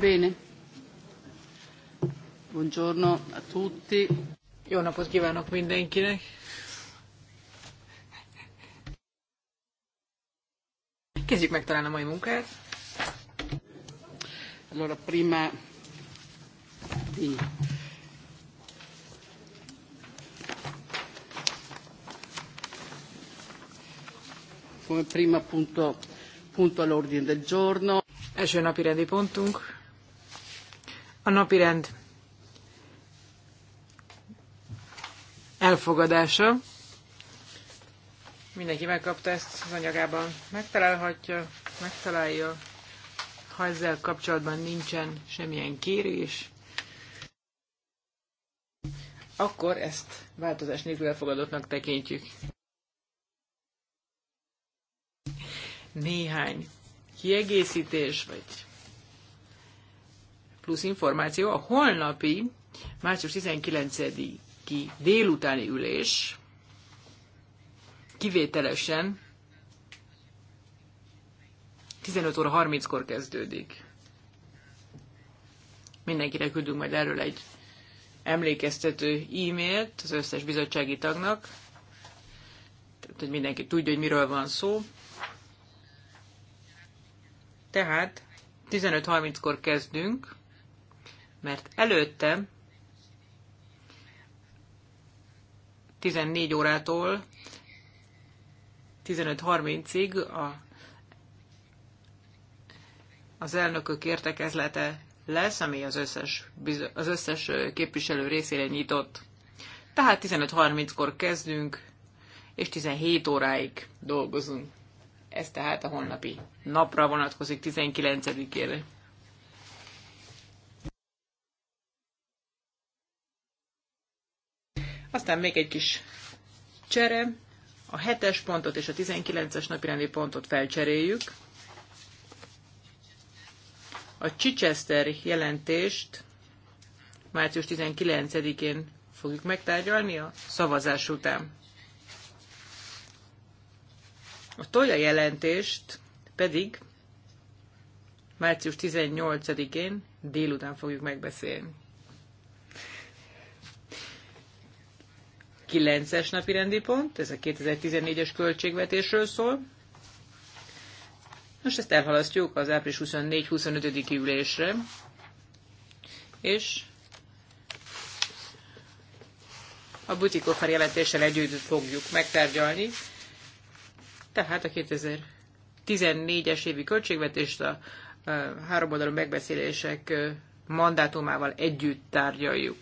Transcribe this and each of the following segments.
Bene. Buongiorno a tutti. Jó napot kívánok mindenkinek. Kezdjük meg talán a mai munkát. Allora, prima di come primo punto, punto all'ordine del giorno. Első napi rendi pontunk a napirend elfogadása. Mindenki megkapta ezt az anyagában. Megtalálhatja, megtalálja. Ha ezzel kapcsolatban nincsen semmilyen kérés, akkor ezt változás nélkül elfogadottnak tekintjük. Néhány kiegészítés, vagy plusz információ a holnapi, március 19-i délutáni ülés kivételesen 15 óra 30-kor kezdődik. Mindenkinek küldünk majd erről egy emlékeztető e-mailt az összes bizottsági tagnak, tehát, hogy mindenki tudja, hogy miről van szó. Tehát 15.30-kor kezdünk, mert előtte 14 órától 15.30-ig a, az elnökök értekezlete lesz, ami az összes, az összes képviselő részére nyitott. Tehát 15.30-kor kezdünk, és 17 óráig dolgozunk. Ez tehát a holnapi napra vonatkozik 19-ére. aztán még egy kis csere, a 7-es pontot és a 19-es napirendi pontot felcseréljük. A Chichester jelentést március 19-én fogjuk megtárgyalni a szavazás után. A Toya jelentést pedig március 18-én délután fogjuk megbeszélni. 9-es napi rendi pont, ez a 2014-es költségvetésről szól. Most ezt elhalasztjuk az április 24-25-i ülésre, és a Butikoffer jelentéssel együtt fogjuk megtárgyalni, tehát a 2014-es évi költségvetést a oldalú megbeszélések mandátumával együtt tárgyaljuk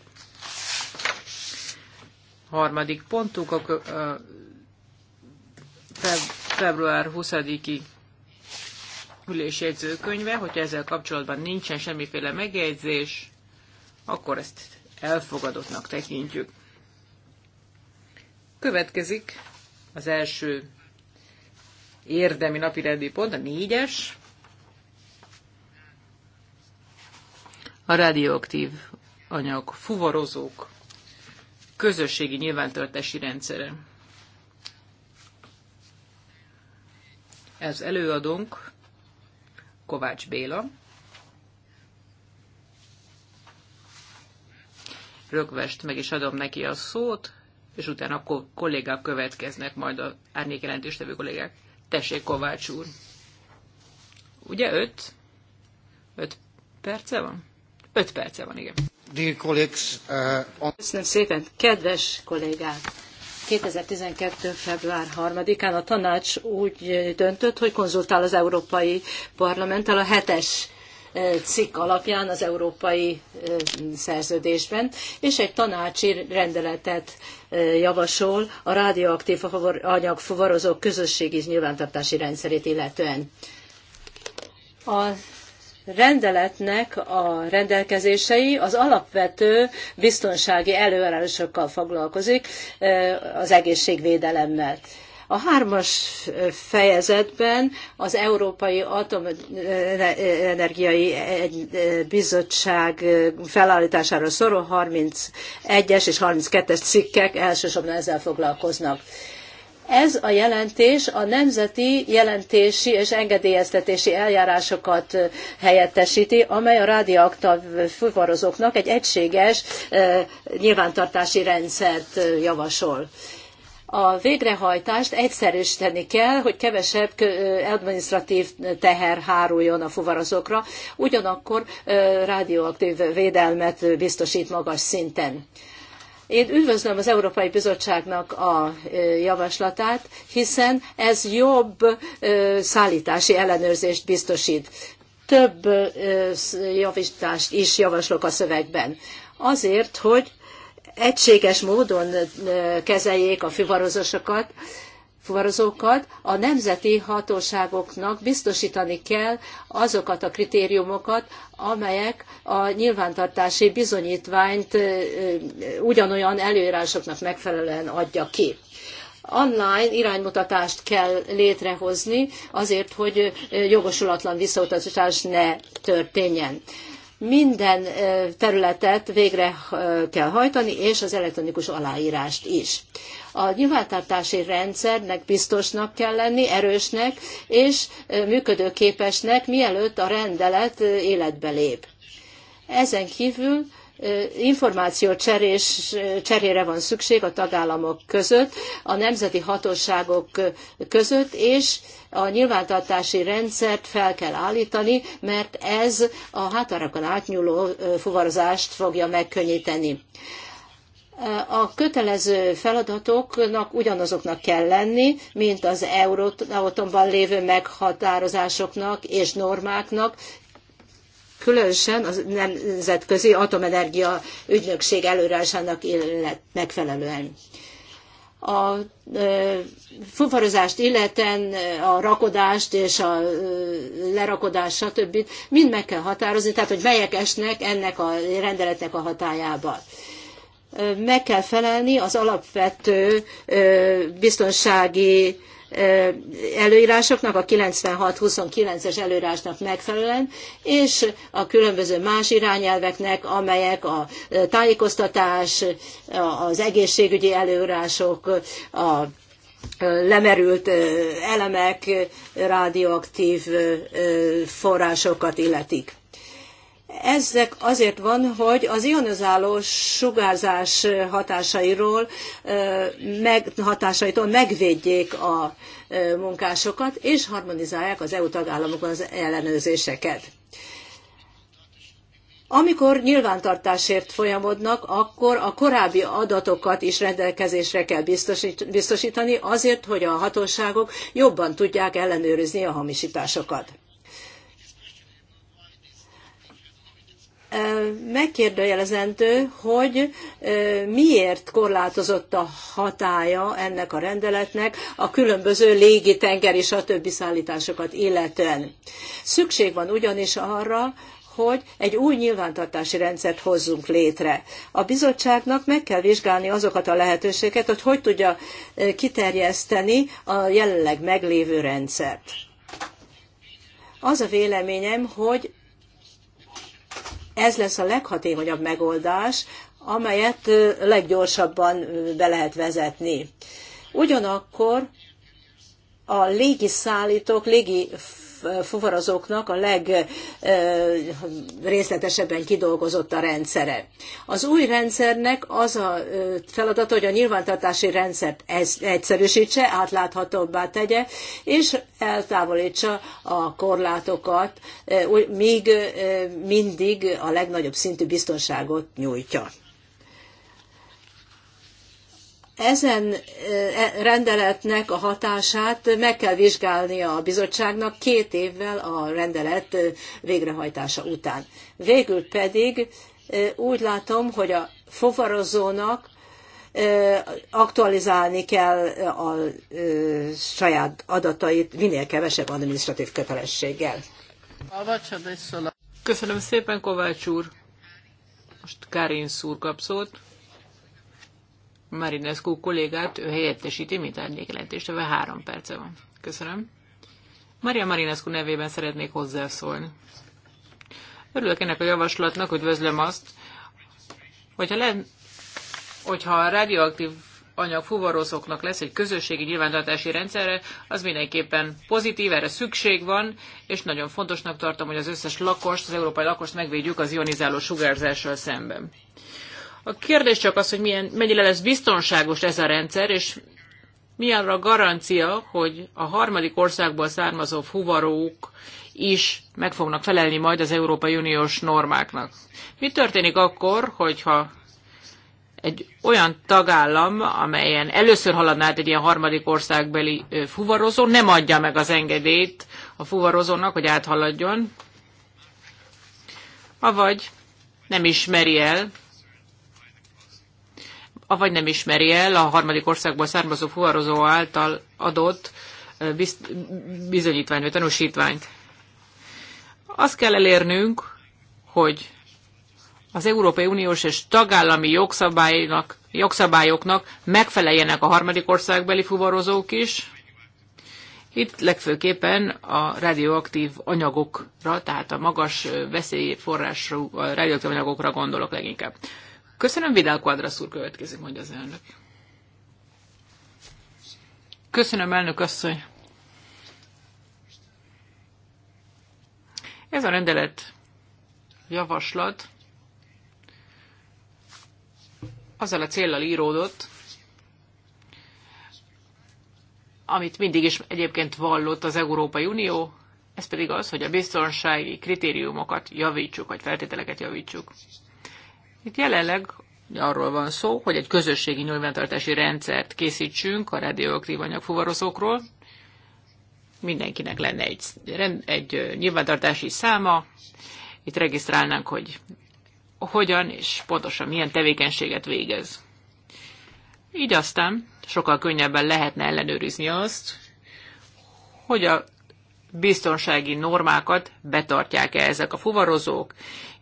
harmadik pontunk a, február 20-i ülésjegyzőkönyve, hogyha ezzel kapcsolatban nincsen semmiféle megjegyzés, akkor ezt elfogadottnak tekintjük. Következik az első érdemi napirendi pont, a négyes, a radioaktív anyag fuvarozók közösségi nyilvántartási rendszere. Ez előadunk Kovács Béla. Rögvest meg is adom neki a szót, és utána a kollégák következnek, majd a jelentéstevő kollégák. Tessék, Kovács úr! Ugye öt? Öt perce van? Öt perce van, igen dear colleagues, uh, on... Köszönöm szépen, kedves kollégák! 2012. február 3-án a tanács úgy döntött, hogy konzultál az Európai Parlamenttel a hetes eh, cikk alapján az európai eh, szerződésben, és egy tanácsi rendeletet eh, javasol a radioaktív anyag fuvarozók közösségi nyilvántartási rendszerét illetően. A rendeletnek a rendelkezései az alapvető biztonsági előállásokkal foglalkozik, az egészségvédelemmel. A hármas fejezetben az Európai Atomenergiai Bizottság felállítására szoró 31-es és 32-es cikkek elsősorban ezzel foglalkoznak. Ez a jelentés a nemzeti jelentési és engedélyeztetési eljárásokat helyettesíti, amely a rádióaktív fuvarozóknak egy egységes nyilvántartási rendszert javasol a végrehajtást egyszerűsíteni kell, hogy kevesebb administratív teher háruljon a fuvarozókra, ugyanakkor rádióaktív védelmet biztosít magas szinten. Én üdvözlöm az Európai Bizottságnak a javaslatát, hiszen ez jobb szállítási ellenőrzést biztosít. Több javítást is javaslok a szövegben. Azért, hogy egységes módon kezeljék a fuvarozosokat, fuvarozókat a nemzeti hatóságoknak biztosítani kell azokat a kritériumokat, amelyek a nyilvántartási bizonyítványt ugyanolyan előírásoknak megfelelően adja ki online iránymutatást kell létrehozni azért, hogy jogosulatlan visszautasítás ne történjen. Minden területet végre kell hajtani, és az elektronikus aláírást is. A nyilvántartási rendszernek biztosnak kell lenni, erősnek és működőképesnek, mielőtt a rendelet életbe lép. Ezen kívül információ cserére van szükség a tagállamok között, a nemzeti hatóságok között, és a nyilvántartási rendszert fel kell állítani, mert ez a határokon átnyúló fuvarozást fogja megkönnyíteni a kötelező feladatoknak ugyanazoknak kell lenni, mint az Euróatomban lévő meghatározásoknak és normáknak, különösen a Nemzetközi Atomenergia Ügynökség előrásának illet, megfelelően. A e, fuvarozást illeten, a rakodást és a e, lerakodást, stb. mind meg kell határozni, tehát hogy melyek esnek ennek a rendeletnek a hatájába meg kell felelni az alapvető biztonsági előírásoknak, a 96-29-es előírásnak megfelelően, és a különböző más irányelveknek, amelyek a tájékoztatás, az egészségügyi előírások, a lemerült elemek, radioaktív forrásokat illetik. Ezek azért van, hogy az ionizáló sugárzás hatásairól, meg, hatásaitól megvédjék a munkásokat, és harmonizálják az EU tagállamokban az ellenőrzéseket. Amikor nyilvántartásért folyamodnak, akkor a korábbi adatokat is rendelkezésre kell biztosítani azért, hogy a hatóságok jobban tudják ellenőrizni a hamisításokat. megkérdőjelezendő, hogy miért korlátozott a hatája ennek a rendeletnek a különböző légi, tenger és a többi szállításokat illetően. Szükség van ugyanis arra, hogy egy új nyilvántartási rendszert hozzunk létre. A bizottságnak meg kell vizsgálni azokat a lehetőségeket, hogy hogy tudja kiterjeszteni a jelenleg meglévő rendszert. Az a véleményem, hogy ez lesz a leghatékonyabb megoldás, amelyet leggyorsabban be lehet vezetni. Ugyanakkor a légiszállítók, légi fuvarozóknak a legrészletesebben eh, kidolgozott a rendszere. Az új rendszernek az a eh, feladata, hogy a nyilvántartási rendszert egyszerűsítse, átláthatóbbá tegye, és eltávolítsa a korlátokat, eh, míg mindig a legnagyobb szintű biztonságot nyújtja ezen e, rendeletnek a hatását meg kell vizsgálnia a bizottságnak két évvel a rendelet végrehajtása után. Végül pedig úgy látom, hogy a fuvarozónak aktualizálni kell a saját adatait minél kevesebb adminisztratív kötelességgel. Köszönöm szépen, Kovács úr! Most Karin szúr kap szót. Marinescu kollégát, ő helyettesíti, mint vagy három perce van. Köszönöm. Maria Marinescu nevében szeretnék hozzászólni. Örülök ennek a javaslatnak, hogy vözlöm azt, hogyha, len, hogyha a radioaktív anyag fuvaroszoknak lesz egy közösségi nyilvántartási rendszerre, az mindenképpen pozitív, erre szükség van, és nagyon fontosnak tartom, hogy az összes lakost, az európai lakost megvédjük az ionizáló sugárzással szemben. A kérdés csak az, hogy milyen, mennyire lesz biztonságos ez a rendszer, és mi a garancia, hogy a harmadik országból származó fuvarók is meg fognak felelni majd az Európai Uniós normáknak. Mi történik akkor, hogyha egy olyan tagállam, amelyen először haladná át egy ilyen harmadik országbeli fuvarozó, nem adja meg az engedélyt a fuvarozónak, hogy áthaladjon, avagy nem ismeri el avagy nem ismeri el a harmadik országból származó fuvarozó által adott bizonyítványt vagy tanúsítványt. Azt kell elérnünk, hogy az Európai Uniós és tagállami jogszabálynak, jogszabályoknak megfeleljenek a harmadik országbeli fuvarozók is. Itt legfőképpen a radioaktív anyagokra, tehát a magas veszélyforrású radioaktív anyagokra gondolok leginkább. Köszönöm, Vidal Quadrasz úr következik, mondja az elnök. Köszönöm, elnök asszony. Ez a rendelet javaslat azzal a célral íródott, amit mindig is egyébként vallott az Európai Unió, ez pedig az, hogy a biztonsági kritériumokat javítsuk, vagy feltételeket javítsuk. Itt jelenleg arról van szó, hogy egy közösségi nyilvántartási rendszert készítsünk a radioaktív anyagfuvarozókról. Mindenkinek lenne egy, egy nyilvántartási száma. Itt regisztrálnánk, hogy hogyan és pontosan milyen tevékenységet végez. Így aztán sokkal könnyebben lehetne ellenőrizni azt, hogy a biztonsági normákat betartják-e ezek a fuvarozók,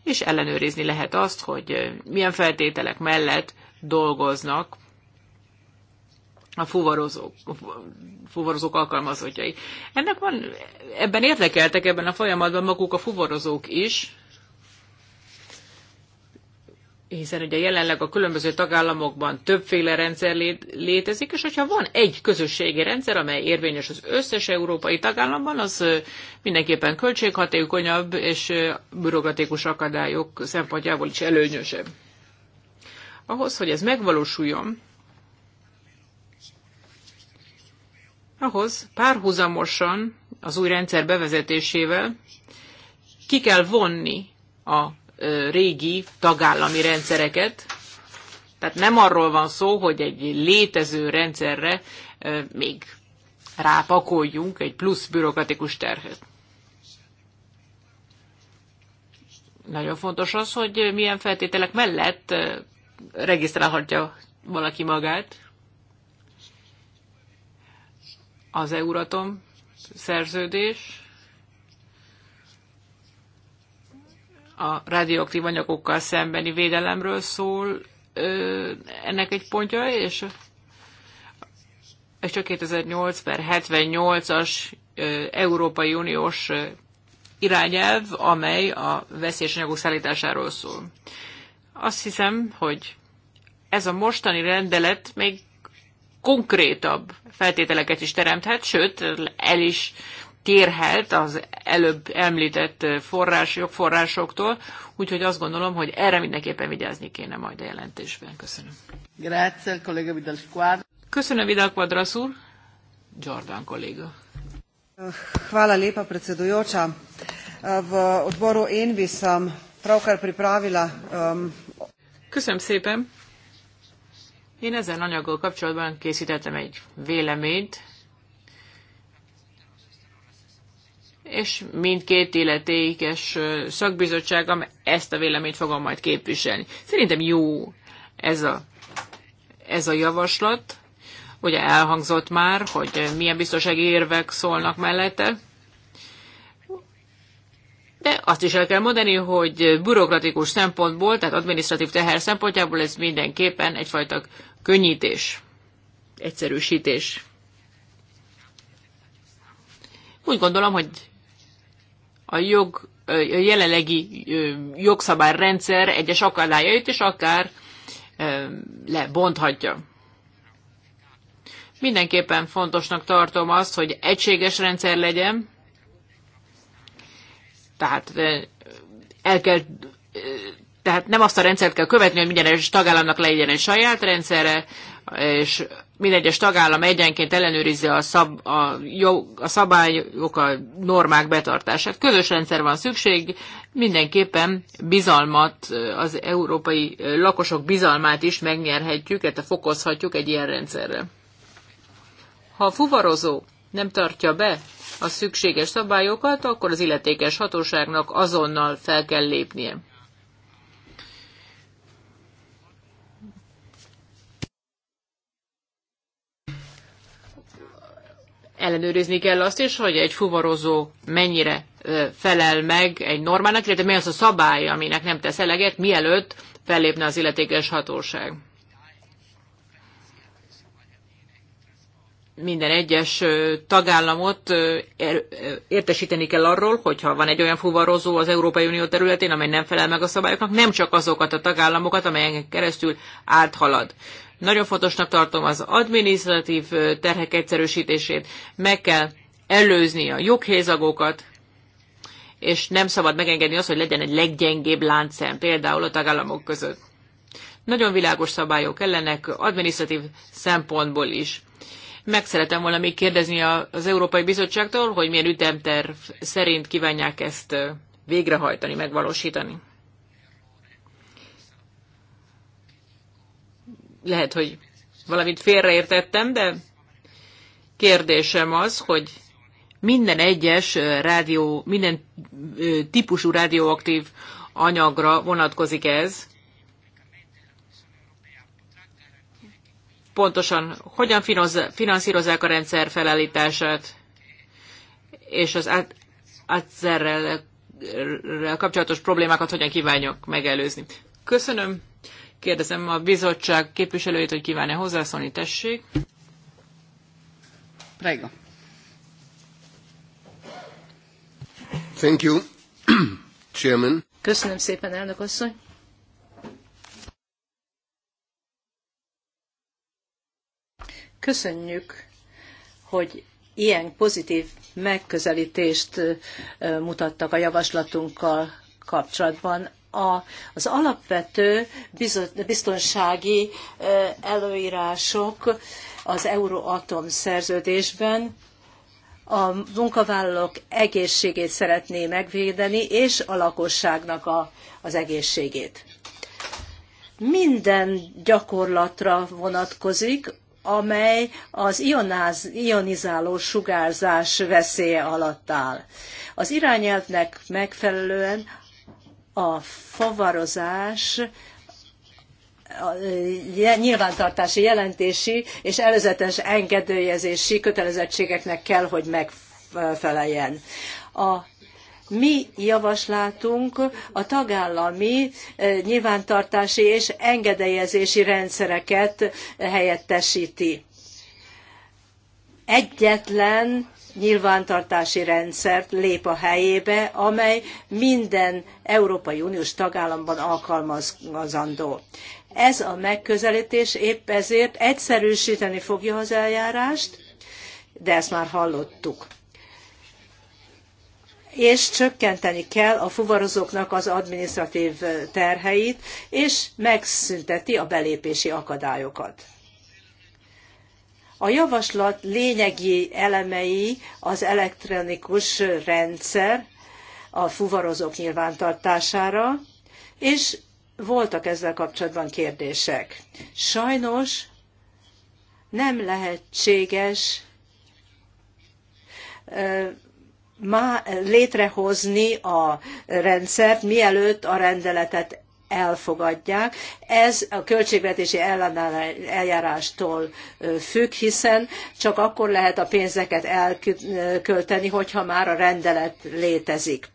és ellenőrizni lehet azt, hogy milyen feltételek mellett dolgoznak a fuvarozók, fuvarozók alkalmazottjai. Ennek van, ebben érdekeltek ebben a folyamatban maguk a fuvarozók is, hiszen ugye jelenleg a különböző tagállamokban többféle rendszer lé- létezik, és hogyha van egy közösségi rendszer, amely érvényes az összes európai tagállamban, az mindenképpen költséghatékonyabb és bürokratikus akadályok szempontjából is előnyösebb. Ahhoz, hogy ez megvalósuljon, ahhoz párhuzamosan az új rendszer bevezetésével ki kell vonni a régi tagállami rendszereket. Tehát nem arról van szó, hogy egy létező rendszerre még rápakoljunk egy plusz bürokratikus terhet. Nagyon fontos az, hogy milyen feltételek mellett regisztrálhatja valaki magát. Az Euratom szerződés a radioaktív anyagokkal szembeni védelemről szól ö, ennek egy pontja, és ez csak 2008 per 78-as Európai Uniós ö, irányelv, amely a veszélyes anyagok szállításáról szól. Azt hiszem, hogy ez a mostani rendelet még konkrétabb feltételeket is teremthet, sőt, el is térhelt az előbb említett forrás, jogforrásoktól, úgyhogy azt gondolom, hogy erre mindenképpen vigyázni kéne majd a jelentésben. Köszönöm. Grazie, kollega Vidal Quadras. Köszönöm, Vidal Quadras úr. Jordan kolléga. Hvala lépa, predsedujoča. Eh, v odboru Envi sem pravkar pripravila... Um... Köszönöm szépen. Én ezen anyaggal kapcsolatban készítettem egy véleményt, és mindkét illetékes szakbizottságom ezt a véleményt fogom majd képviselni. Szerintem jó ez a, ez a javaslat. Ugye elhangzott már, hogy milyen biztonsági érvek szólnak mellette. De azt is el kell mondani, hogy bürokratikus szempontból, tehát administratív teher szempontjából ez mindenképpen egyfajta könnyítés, egyszerűsítés. Úgy gondolom, hogy a jog, a jelenlegi jogszabályrendszer egyes akadályait, is akár lebonthatja. Mindenképpen fontosnak tartom azt, hogy egységes rendszer legyen, tehát el kell, tehát nem azt a rendszert kell követni, hogy minden egyes tagállamnak legyen egy saját rendszere, és mindegyes tagállam egyenként ellenőrizze a, szab, a, jog, a szabályok, a normák betartását. Közös rendszer van szükség, mindenképpen bizalmat, az európai lakosok bizalmát is megnyerhetjük, tehát fokozhatjuk egy ilyen rendszerre. Ha a fuvarozó nem tartja be a szükséges szabályokat, akkor az illetékes hatóságnak azonnal fel kell lépnie. ellenőrizni kell azt is, hogy egy fuvarozó mennyire felel meg egy normának, illetve mi az a szabály, aminek nem tesz eleget, mielőtt fellépne az illetékes hatóság. Minden egyes tagállamot er-, értesíteni kell arról, hogyha van egy olyan fuvarozó az Európai Unió területén, amely nem felel meg a szabályoknak, nem csak azokat a tagállamokat, amelyen keresztül áthalad. Nagyon fontosnak tartom az adminisztratív terhek egyszerűsítését, meg kell előzni a joghézagokat, és nem szabad megengedni azt, hogy legyen egy leggyengébb láncszem, például a tagállamok között. Nagyon világos szabályok kellenek adminisztratív szempontból is. Meg szeretem volna még kérdezni az Európai Bizottságtól, hogy milyen ütemterv szerint kívánják ezt végrehajtani, megvalósítani. lehet, hogy valamit félreértettem, de kérdésem az, hogy minden egyes rádió, minden típusú rádióaktív anyagra vonatkozik ez. Pontosan hogyan finanszírozzák a rendszer felállítását, és az átszerrel kapcsolatos problémákat hogyan kívánjuk megelőzni. Köszönöm. Kérdezem a bizottság képviselőjét, hogy kíván-e hozzászólni, tessék. Prego. Thank you, Chairman. Köszönöm szépen, elnök asszony. Köszönjük, hogy ilyen pozitív megközelítést mutattak a javaslatunkkal kapcsolatban, a, az alapvető biztonsági előírások az Euroatom szerződésben a munkavállalók egészségét szeretné megvédeni, és a lakosságnak a, az egészségét. Minden gyakorlatra vonatkozik, amely az ionáz, ionizáló sugárzás veszélye alatt áll. Az irányelvnek megfelelően a favarozás nyilvántartási jelentési és előzetes engedélyezési kötelezettségeknek kell, hogy megfeleljen. A mi javaslatunk a tagállami e, nyilvántartási és engedélyezési rendszereket helyettesíti. Egyetlen nyilvántartási rendszert lép a helyébe, amely minden Európai Uniós tagállamban alkalmazandó. Ez a megközelítés épp ezért egyszerűsíteni fogja az eljárást, de ezt már hallottuk. És csökkenteni kell a fuvarozóknak az administratív terheit, és megszünteti a belépési akadályokat. A javaslat lényegi elemei az elektronikus rendszer a fuvarozók nyilvántartására, és voltak ezzel kapcsolatban kérdések. Sajnos nem lehetséges má, létrehozni a rendszert, mielőtt a rendeletet elfogadják. Ez a költségvetési eljárástól függ, hiszen csak akkor lehet a pénzeket elkölteni, hogyha már a rendelet létezik.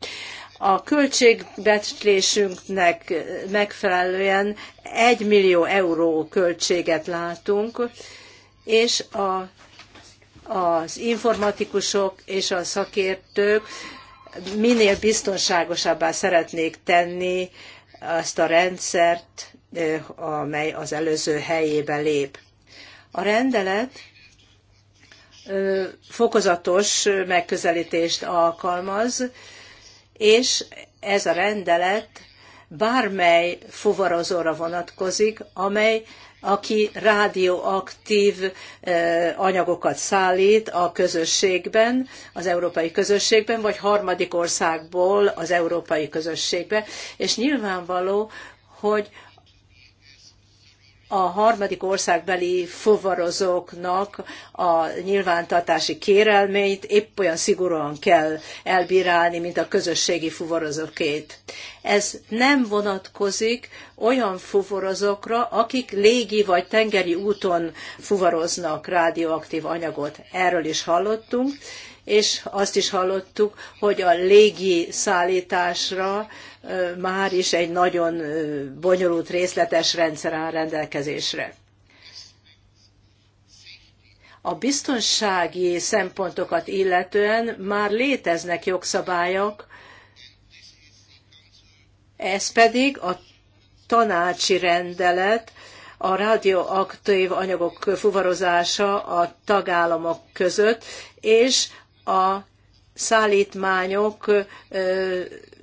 A költségbecslésünknek megfelelően 1 millió euró költséget látunk, és a, az informatikusok és a szakértők minél biztonságosabbá szeretnék tenni ezt a rendszert, amely az előző helyébe lép. A rendelet fokozatos megközelítést alkalmaz, és ez a rendelet bármely fuvarozóra vonatkozik, amely aki radioaktív eh, anyagokat szállít a közösségben, az európai közösségben, vagy harmadik országból az európai közösségbe, és nyilvánvaló, hogy a harmadik országbeli fuvarozóknak a nyilvántartási kérelmeit épp olyan szigorúan kell elbírálni, mint a közösségi fuvarozókét. Ez nem vonatkozik olyan fuvarozókra, akik légi vagy tengeri úton fuvaroznak rádióaktív anyagot. Erről is hallottunk, és azt is hallottuk, hogy a légi szállításra már is egy nagyon bonyolult részletes rendszer áll rendelkezésre. A biztonsági szempontokat illetően már léteznek jogszabályok, ez pedig a tanácsi rendelet, a radioaktív anyagok fuvarozása a tagállamok között, és a szállítmányok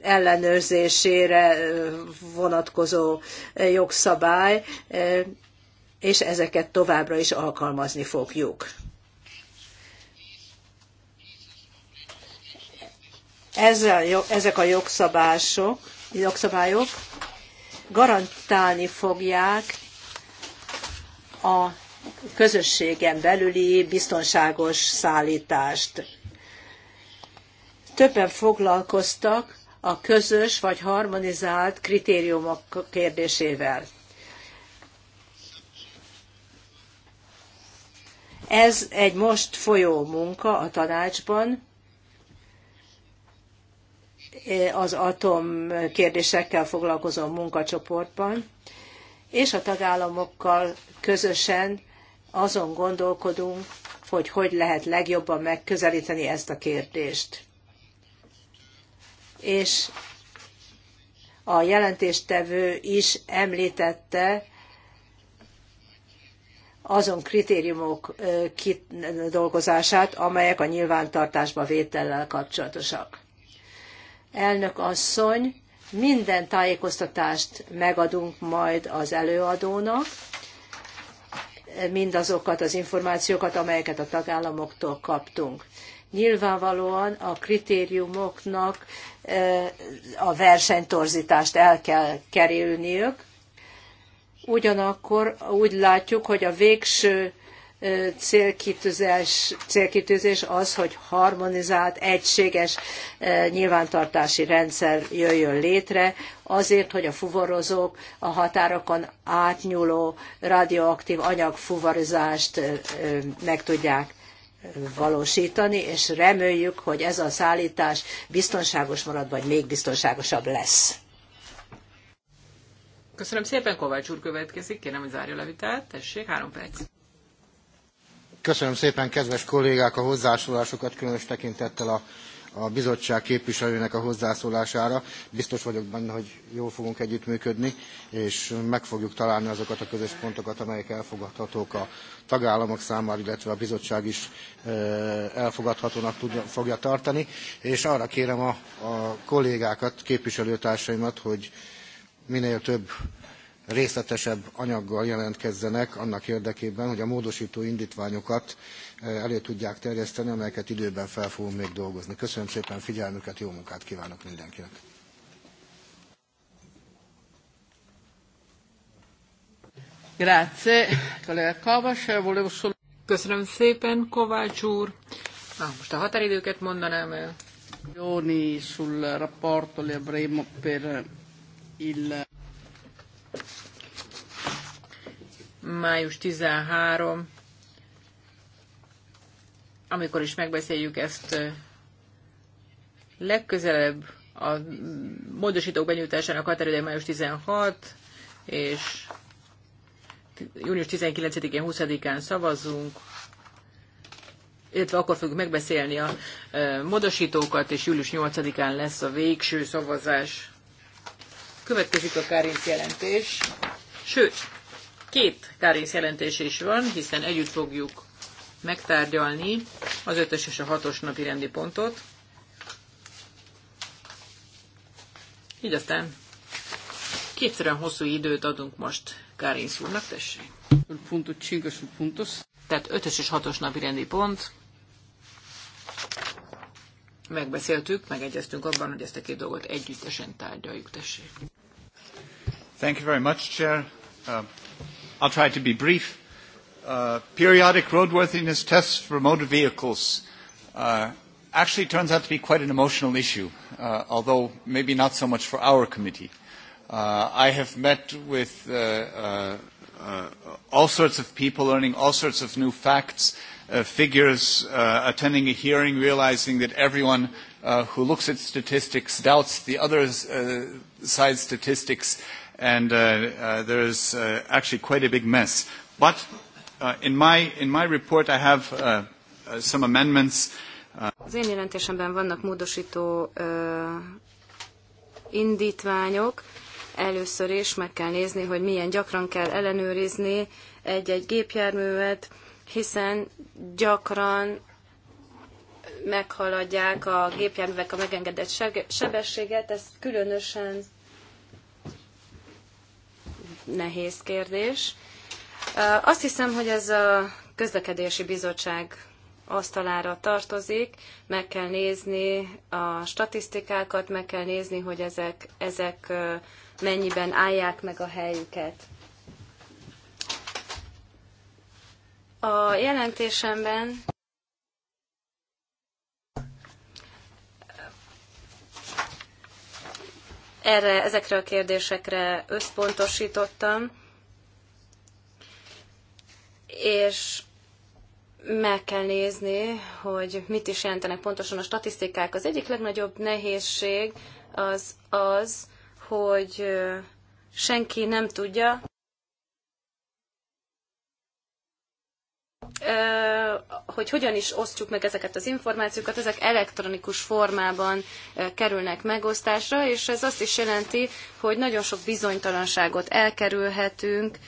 ellenőrzésére vonatkozó jogszabály, és ezeket továbbra is alkalmazni fogjuk. ezek a jogszabások, jogszabályok garantálni fogják a közösségen belüli biztonságos szállítást többen foglalkoztak a közös vagy harmonizált kritériumok kérdésével. Ez egy most folyó munka a tanácsban, az atom kérdésekkel foglalkozó munkacsoportban, és a tagállamokkal közösen azon gondolkodunk, hogy hogy lehet legjobban megközelíteni ezt a kérdést és a jelentéstevő is említette azon kritériumok kidolgozását, amelyek a nyilvántartásba vétellel kapcsolatosak. Elnök asszony, minden tájékoztatást megadunk majd az előadónak, mindazokat az információkat, amelyeket a tagállamoktól kaptunk. Nyilvánvalóan a kritériumoknak e, a versenytorzítást el kell kerülniük, ugyanakkor úgy látjuk, hogy a végső e, célkitűzés, célkitűzés az, hogy harmonizált, egységes e, nyilvántartási rendszer jöjjön létre, azért, hogy a fuvarozók a határokon átnyúló radioaktív anyag fuvarozást meg tudják valósítani, és reméljük, hogy ez a szállítás biztonságos marad, vagy még biztonságosabb lesz. Köszönöm szépen, Kovács úr következik, kérem, hogy zárja le vitát, tessék, három perc. Köszönöm szépen, kedves kollégák, a hozzásolásokat különös tekintettel a a bizottság képviselőnek a hozzászólására. Biztos vagyok benne, hogy jól fogunk együttműködni, és meg fogjuk találni azokat a közös pontokat, amelyek elfogadhatók a tagállamok számára, illetve a bizottság is e, elfogadhatónak tudja, fogja tartani. És arra kérem a, a kollégákat, képviselőtársaimat, hogy minél több részletesebb anyaggal jelentkezzenek annak érdekében, hogy a módosító indítványokat eh, elő tudják terjeszteni, amelyeket időben fel fogunk még dolgozni. Köszönöm szépen figyelmüket, jó munkát kívánok mindenkinek! Grazie, kollega Kavas, volevo Köszönöm szépen, Kovács úr. Na, most a határidőket mondanám el. Sul rapporto le avremo per il... Május 13, amikor is megbeszéljük ezt legközelebb, a módosítók benyújtásának határideje május 16, és június 19-én, 20-án szavazzunk, illetve akkor fogjuk megbeszélni a módosítókat, és július 8-án lesz a végső szavazás. Következik a Kárinc jelentés. Sőt, két Kárinc jelentés is van, hiszen együtt fogjuk megtárgyalni az ötös és a hatos napi rendi pontot. Így aztán kétszerűen hosszú időt adunk most Kárin úrnak, tessék. Tehát ötös és hatos napi rendi pont. Megbeszéltük, megegyeztünk abban, hogy ezt a két dolgot együttesen tárgyaljuk, tessék. Thank you very much, Chair. Uh, I'll try to be brief. Uh, periodic roadworthiness tests for motor vehicles uh, actually turns out to be quite an emotional issue, uh, although maybe not so much for our committee. Uh, I have met with uh, uh, uh, all sorts of people learning all sorts of new facts, uh, figures, uh, attending a hearing, realizing that everyone uh, who looks at statistics doubts the other uh, side's statistics and uh, uh, there is uh, actually quite a big mess. But uh, in, my, in my report I have uh, uh, some amendments. Uh, Az én jelentésemben vannak módosító uh, indítványok. Először is meg kell nézni, hogy milyen gyakran kell ellenőrizni egy-egy gépjárművet, hiszen gyakran meghaladják a gépjárművek a megengedett sebességet, ez különösen nehéz kérdés. Azt hiszem, hogy ez a közlekedési bizottság asztalára tartozik, meg kell nézni a statisztikákat, meg kell nézni, hogy ezek, ezek mennyiben állják meg a helyüket. A jelentésemben Erre, ezekre a kérdésekre összpontosítottam, és meg kell nézni, hogy mit is jelentenek pontosan a statisztikák. Az egyik legnagyobb nehézség az az, hogy senki nem tudja, hogy hogyan is osztjuk meg ezeket az információkat, ezek elektronikus formában kerülnek megosztásra, és ez azt is jelenti, hogy nagyon sok bizonytalanságot elkerülhetünk,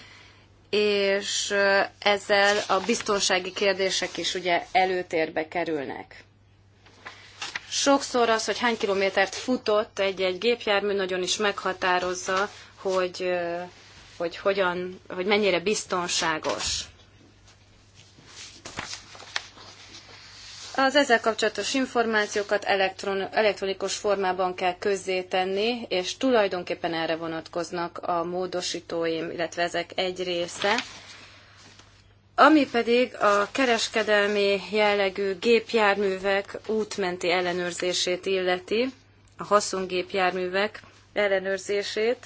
és ezzel a biztonsági kérdések is ugye előtérbe kerülnek. Sokszor az, hogy hány kilométert futott egy-egy gépjármű, nagyon is meghatározza, hogy, hogy, hogyan, hogy mennyire biztonságos. Az ezzel kapcsolatos információkat elektron, elektronikus formában kell közzétenni, és tulajdonképpen erre vonatkoznak a módosítóim, illetve ezek egy része. Ami pedig a kereskedelmi jellegű gépjárművek útmenti ellenőrzését illeti, a haszongépjárművek ellenőrzését.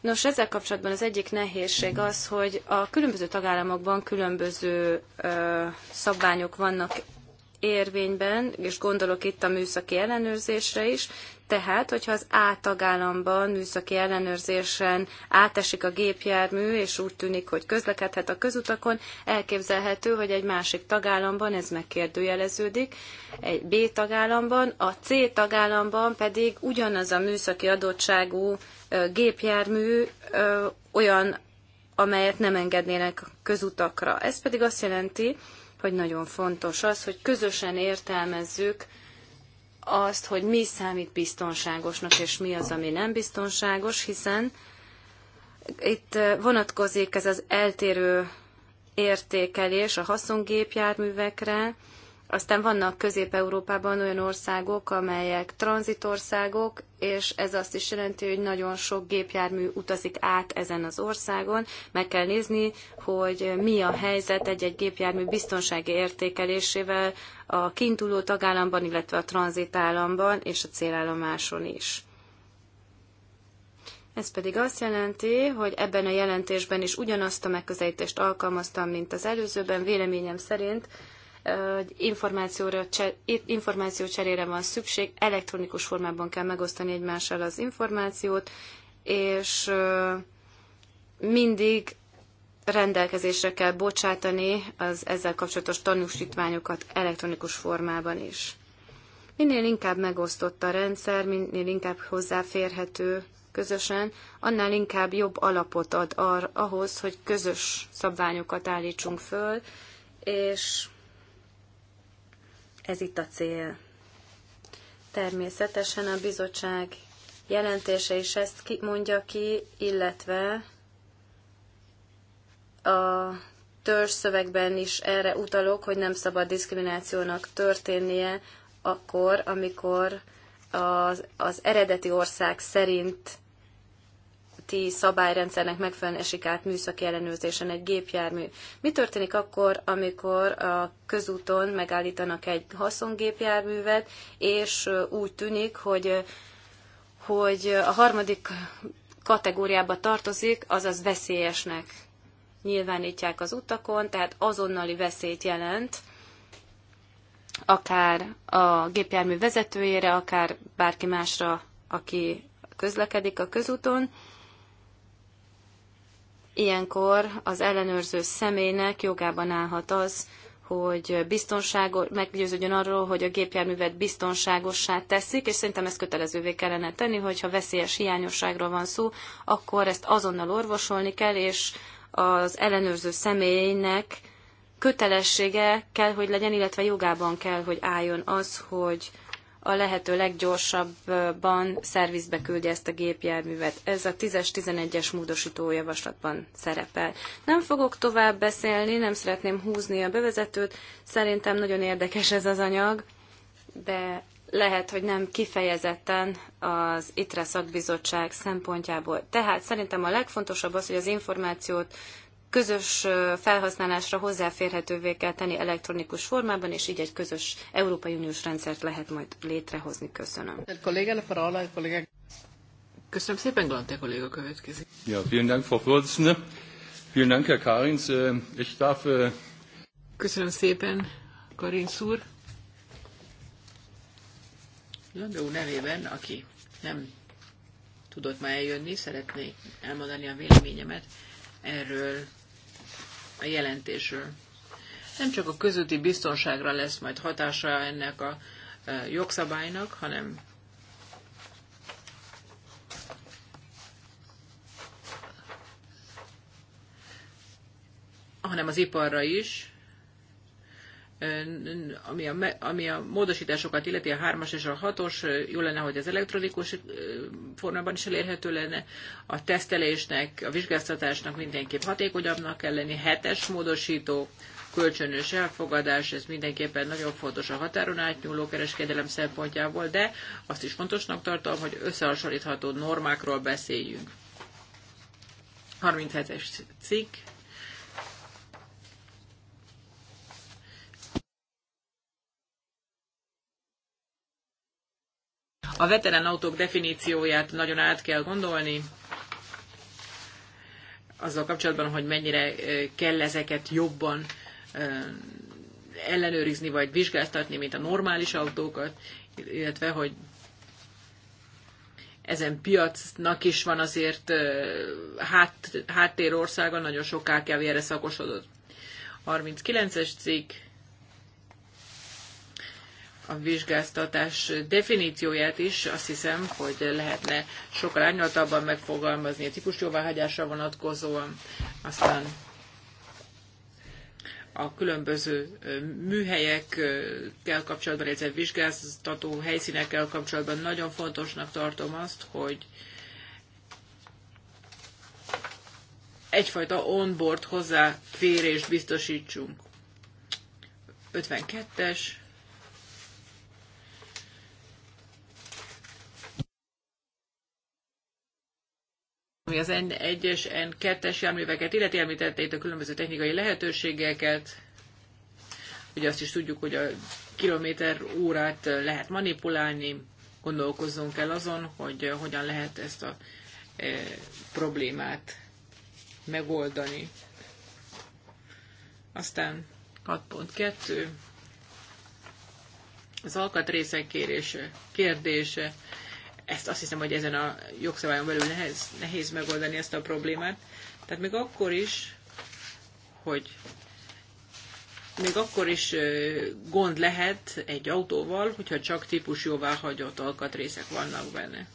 Nos, ezzel kapcsolatban az egyik nehézség az, hogy a különböző tagállamokban különböző ö, szabványok vannak érvényben, és gondolok itt a műszaki ellenőrzésre is, tehát, hogyha az A tagállamban műszaki ellenőrzésen átesik a gépjármű, és úgy tűnik, hogy közlekedhet a közutakon, elképzelhető, hogy egy másik tagállamban ez megkérdőjeleződik, egy B tagállamban, a C tagállamban pedig ugyanaz a műszaki adottságú gépjármű olyan, amelyet nem engednének közutakra. Ez pedig azt jelenti, hogy nagyon fontos az, hogy közösen értelmezzük azt, hogy mi számít biztonságosnak, és mi az, ami nem biztonságos, hiszen itt vonatkozik ez az eltérő értékelés a haszongépjárművekre, aztán vannak Közép-Európában olyan országok, amelyek tranzitországok, és ez azt is jelenti, hogy nagyon sok gépjármű utazik át ezen az országon. Meg kell nézni, hogy mi a helyzet egy-egy gépjármű biztonsági értékelésével a kiinduló tagállamban, illetve a tranzitállamban és a célállomáson is. Ez pedig azt jelenti, hogy ebben a jelentésben is ugyanazt a megközelítést alkalmaztam, mint az előzőben. Véleményem szerint információra, információ cserére van szükség, elektronikus formában kell megosztani egymással az információt, és mindig rendelkezésre kell bocsátani az ezzel kapcsolatos tanúsítványokat elektronikus formában is. Minél inkább megosztott a rendszer, minél inkább hozzáférhető közösen, annál inkább jobb alapot ad ar- ahhoz, hogy közös szabványokat állítsunk föl, és ez itt a cél. Természetesen a bizottság jelentése is ezt mondja ki, illetve a szövegben is erre utalok, hogy nem szabad diszkriminációnak történnie akkor, amikor az, az eredeti ország szerint nemzeti szabályrendszernek megfelelően esik át műszaki ellenőrzésen egy gépjármű. Mi történik akkor, amikor a közúton megállítanak egy haszongépjárművet, és úgy tűnik, hogy, hogy a harmadik kategóriába tartozik, azaz veszélyesnek nyilvánítják az utakon, tehát azonnali veszélyt jelent, akár a gépjármű vezetőjére, akár bárki másra, aki közlekedik a közúton. Ilyenkor az ellenőrző személynek jogában állhat az, hogy biztonságos, meggyőződjön arról, hogy a gépjárművet biztonságossá teszik, és szerintem ezt kötelezővé kellene tenni, hogyha veszélyes hiányosságról van szó, akkor ezt azonnal orvosolni kell, és az ellenőrző személynek kötelessége kell, hogy legyen, illetve jogában kell, hogy álljon az, hogy a lehető leggyorsabban szervizbe küldje ezt a gépjárművet. Ez a 10-es, 11-es módosító javaslatban szerepel. Nem fogok tovább beszélni, nem szeretném húzni a bevezetőt. Szerintem nagyon érdekes ez az anyag, de lehet, hogy nem kifejezetten az ITRE szakbizottság szempontjából. Tehát szerintem a legfontosabb az, hogy az információt közös felhasználásra hozzáférhetővé kell tenni elektronikus formában, és így egy közös Európai Uniós rendszert lehet majd létrehozni. Köszönöm. Köszönöm szépen, Galante kolléga következik. Ja, vielen Dank, Frau Vorsitzende. Vielen Dank, Herr Karins. Äh, ich darf... Äh, Köszönöm szépen, Karins úr. Landó nevében, aki nem tudott már eljönni, szeretné elmondani a véleményemet erről a jelentésről. Nem csak a közúti biztonságra lesz majd hatása ennek a e, jogszabálynak, hanem hanem az iparra is, ami a, ami a módosításokat illeti, a 3 és a 6 jó lenne, hogy az elektronikus formában is elérhető lenne. A tesztelésnek, a vizsgáztatásnak mindenképp hatékonyabbnak kell lenni. Hetes módosító, kölcsönös elfogadás, ez mindenképpen nagyon fontos a határon átnyúló kereskedelem szempontjából, de azt is fontosnak tartom, hogy összehasonlítható normákról beszéljünk. 37-es cikk, A veterán autók definícióját nagyon át kell gondolni, azzal kapcsolatban, hogy mennyire kell ezeket jobban ellenőrizni vagy vizsgáztatni, mint a normális autókat, illetve hogy ezen piacnak is van azért hát, háttérországa, nagyon sok KKV szakosodott. 39-es cikk, a vizsgáztatás definícióját is azt hiszem, hogy lehetne sokkal árnyaltabban megfogalmazni a típus jóváhagyásra vonatkozóan, aztán a különböző műhelyekkel kapcsolatban, illetve vizsgáztató helyszínekkel kapcsolatban nagyon fontosnak tartom azt, hogy egyfajta onboard hozzáférést biztosítsunk. 52-es ami az N1-es, N2-es járműveket illeti, említette itt a különböző technikai lehetőségeket. Ugye azt is tudjuk, hogy a kilométer órát lehet manipulálni, gondolkozzunk el azon, hogy hogyan lehet ezt a e, problémát megoldani. Aztán 6.2 az alkatrészek kérése, kérdése ezt azt hiszem, hogy ezen a jogszabályon belül nehéz, nehéz megoldani ezt a problémát. Tehát még akkor is, hogy még akkor is gond lehet egy autóval, hogyha csak típus jóvá hagyott alkatrészek vannak benne.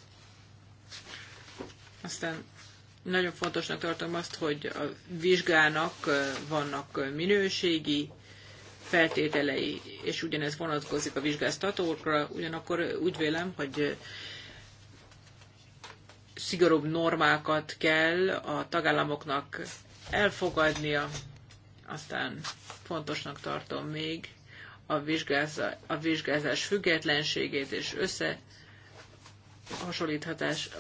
Aztán nagyon fontosnak tartom azt, hogy a vizsgának vannak minőségi feltételei, és ugyanez vonatkozik a vizsgáztatókra, ugyanakkor úgy vélem, hogy szigorúbb normákat kell a tagállamoknak elfogadnia. Aztán fontosnak tartom még a, vizsgázza, a vizsgázás függetlenségét és össze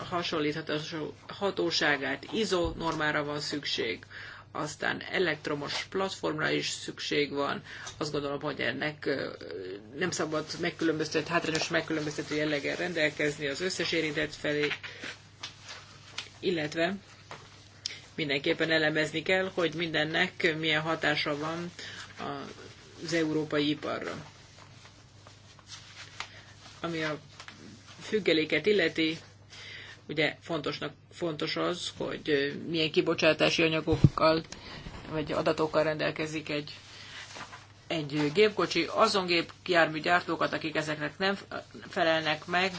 hasonlíthatás, hatóságát, ISO normára van szükség, aztán elektromos platformra is szükség van. Azt gondolom, hogy ennek nem szabad megkülönböztet, hátrányos megkülönböztető jelleggel rendelkezni az összes érintett felé, illetve mindenképpen elemezni kell, hogy mindennek milyen hatása van az európai iparra. Ami a függeléket illeti, ugye fontosnak, fontos az, hogy milyen kibocsátási anyagokkal vagy adatokkal rendelkezik egy egy gépkocsi azon gyártókat, akik ezeknek nem felelnek meg,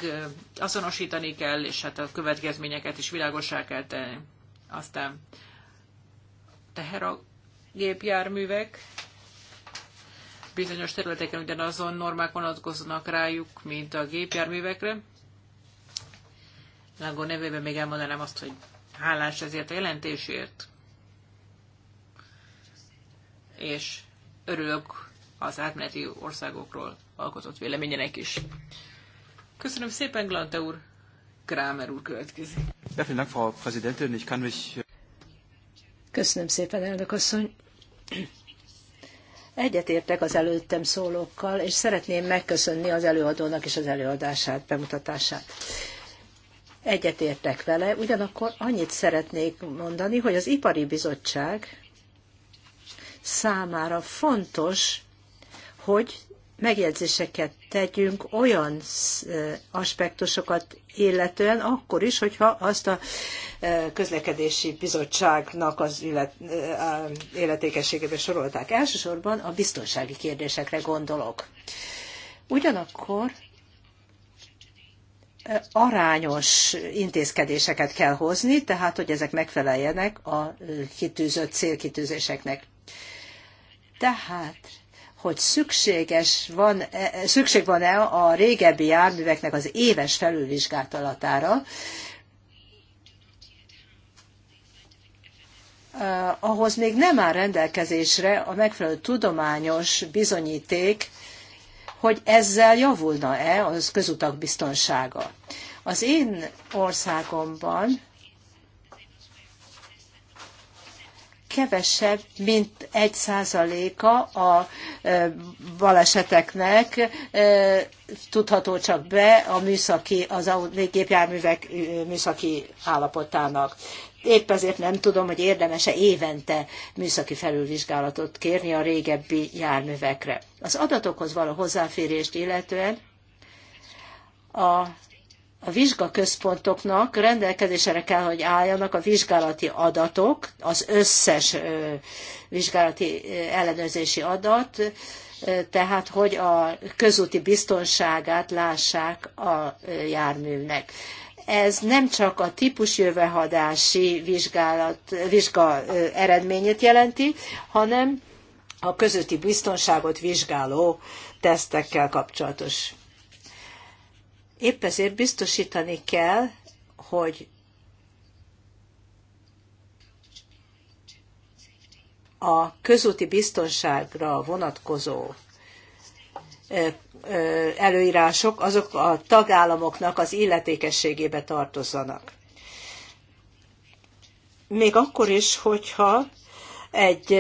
azonosítani kell, és hát a következményeket is világosá kell tenni. Aztán teher a gépjárművek, bizonyos területeken ugyanazon normák vonatkoznak rájuk, mint a gépjárművekre. Lángó nevében még elmondanám azt, hogy hálás ezért a jelentésért. És örülök az átmeneti országokról alkotott véleményének is. Köszönöm szépen, Glante úr! Kramer úr következik. Äh, Köszönöm szépen, elnök asszony! Egyetértek az előttem szólókkal, és szeretném megköszönni az előadónak és az előadását, bemutatását. Egyetértek vele, ugyanakkor annyit szeretnék mondani, hogy az Ipari Bizottság számára fontos, hogy megjegyzéseket tegyünk olyan aspektusokat illetően, akkor is, hogyha azt a közlekedési bizottságnak az illet, életékességébe sorolták. Elsősorban a biztonsági kérdésekre gondolok. Ugyanakkor arányos intézkedéseket kell hozni, tehát hogy ezek megfeleljenek a kitűzött célkitűzéseknek. Tehát, hogy szükséges van, e, e, szükség van-e a régebbi járműveknek az éves felülvizsgálatára, e, ahhoz még nem áll rendelkezésre a megfelelő tudományos bizonyíték, hogy ezzel javulna-e az közutak biztonsága. Az én országomban kevesebb, mint egy százaléka a baleseteknek tudható csak be a műszaki, az gépjárművek műszaki állapotának. Épp ezért nem tudom, hogy érdemese évente műszaki felülvizsgálatot kérni a régebbi járművekre. Az adatokhoz való hozzáférést illetően a a vizsgaközpontoknak rendelkezésre kell, hogy álljanak a vizsgálati adatok, az összes vizsgálati ellenőrzési adat, tehát hogy a közúti biztonságát lássák a járműnek. Ez nem csak a típusjövehadási vizsgálat, vizsga eredményét jelenti, hanem a közötti biztonságot vizsgáló tesztekkel kapcsolatos Épp ezért biztosítani kell, hogy a közúti biztonságra vonatkozó előírások azok a tagállamoknak az illetékességébe tartozzanak. Még akkor is, hogyha egy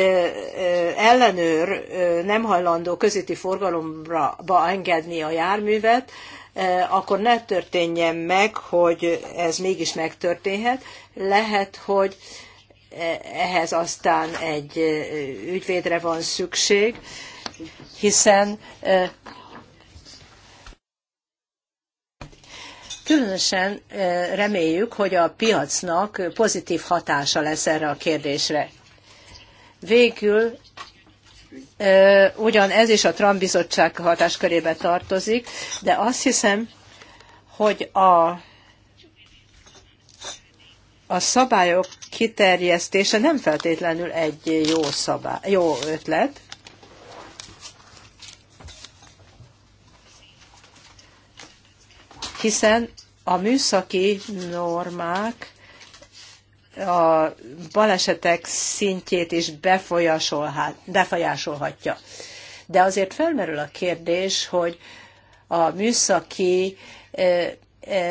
ellenőr nem hajlandó közúti forgalomba engedni a járművet, E, akkor ne történjen meg, hogy ez mégis megtörténhet. Lehet, hogy e, ehhez aztán egy e, ügyvédre van szükség, hiszen Különösen reméljük, hogy a piacnak pozitív hatása lesz erre a kérdésre. Végül ugyan ez is a Trump bizottság hatáskörébe tartozik, de azt hiszem, hogy a, a szabályok kiterjesztése nem feltétlenül egy jó, szabály, jó ötlet, hiszen a műszaki normák a balesetek szintjét is befolyásolhatja. De azért felmerül a kérdés, hogy a műszaki eh,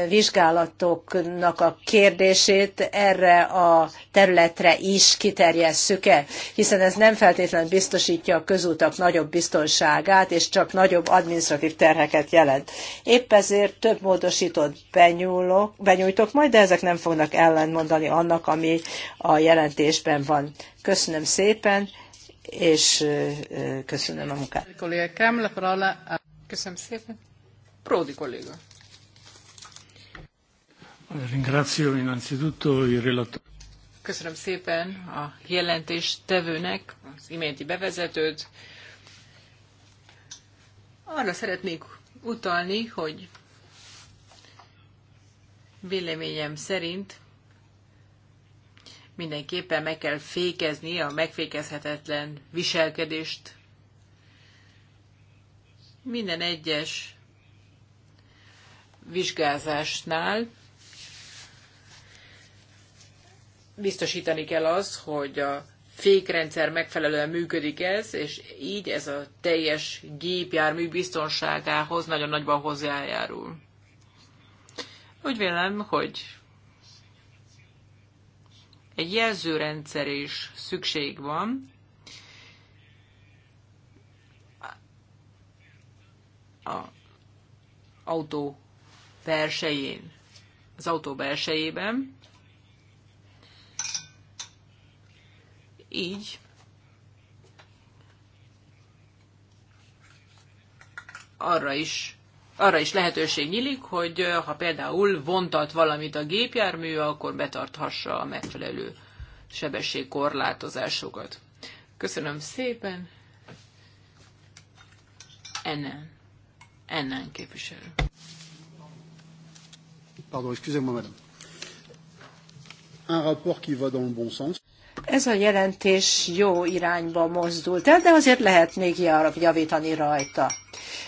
vizsgálatoknak a kérdését erre a területre is kiterjesszük-e, hiszen ez nem feltétlenül biztosítja a közútak nagyobb biztonságát, és csak nagyobb administratív terheket jelent. Épp ezért több módosítót benyúlok, benyújtok majd, de ezek nem fognak ellentmondani annak, ami a jelentésben van. Köszönöm szépen, és köszönöm a munkát. Köszönöm szépen. Pródi kolléga. Ringrazio innanzitutto il relatore. Köszönöm szépen a jelentéstevőnek az iménti bevezetőt. Arra szeretnék utalni, hogy véleményem szerint mindenképpen meg kell fékezni a megfékezhetetlen viselkedést. Minden egyes vizsgázásnál biztosítani kell az, hogy a fékrendszer megfelelően működik ez, és így ez a teljes gépjármű biztonságához nagyon nagyban hozzájárul. Úgy vélem, hogy egy jelzőrendszer is szükség van. A autó belsején, az autó belsejében. így arra is arra is lehetőség nyílik, hogy ha például vontat valamit a gépjármű, akkor betarthassa a megfelelő sebességkorlátozásokat. Köszönöm szépen. Ennen. Ennen képviselő. Pardon, excusez-moi, madame. Un rapport qui va dans le bon sens. Ez a jelentés jó irányba mozdult el, de azért lehet még javítani rajta.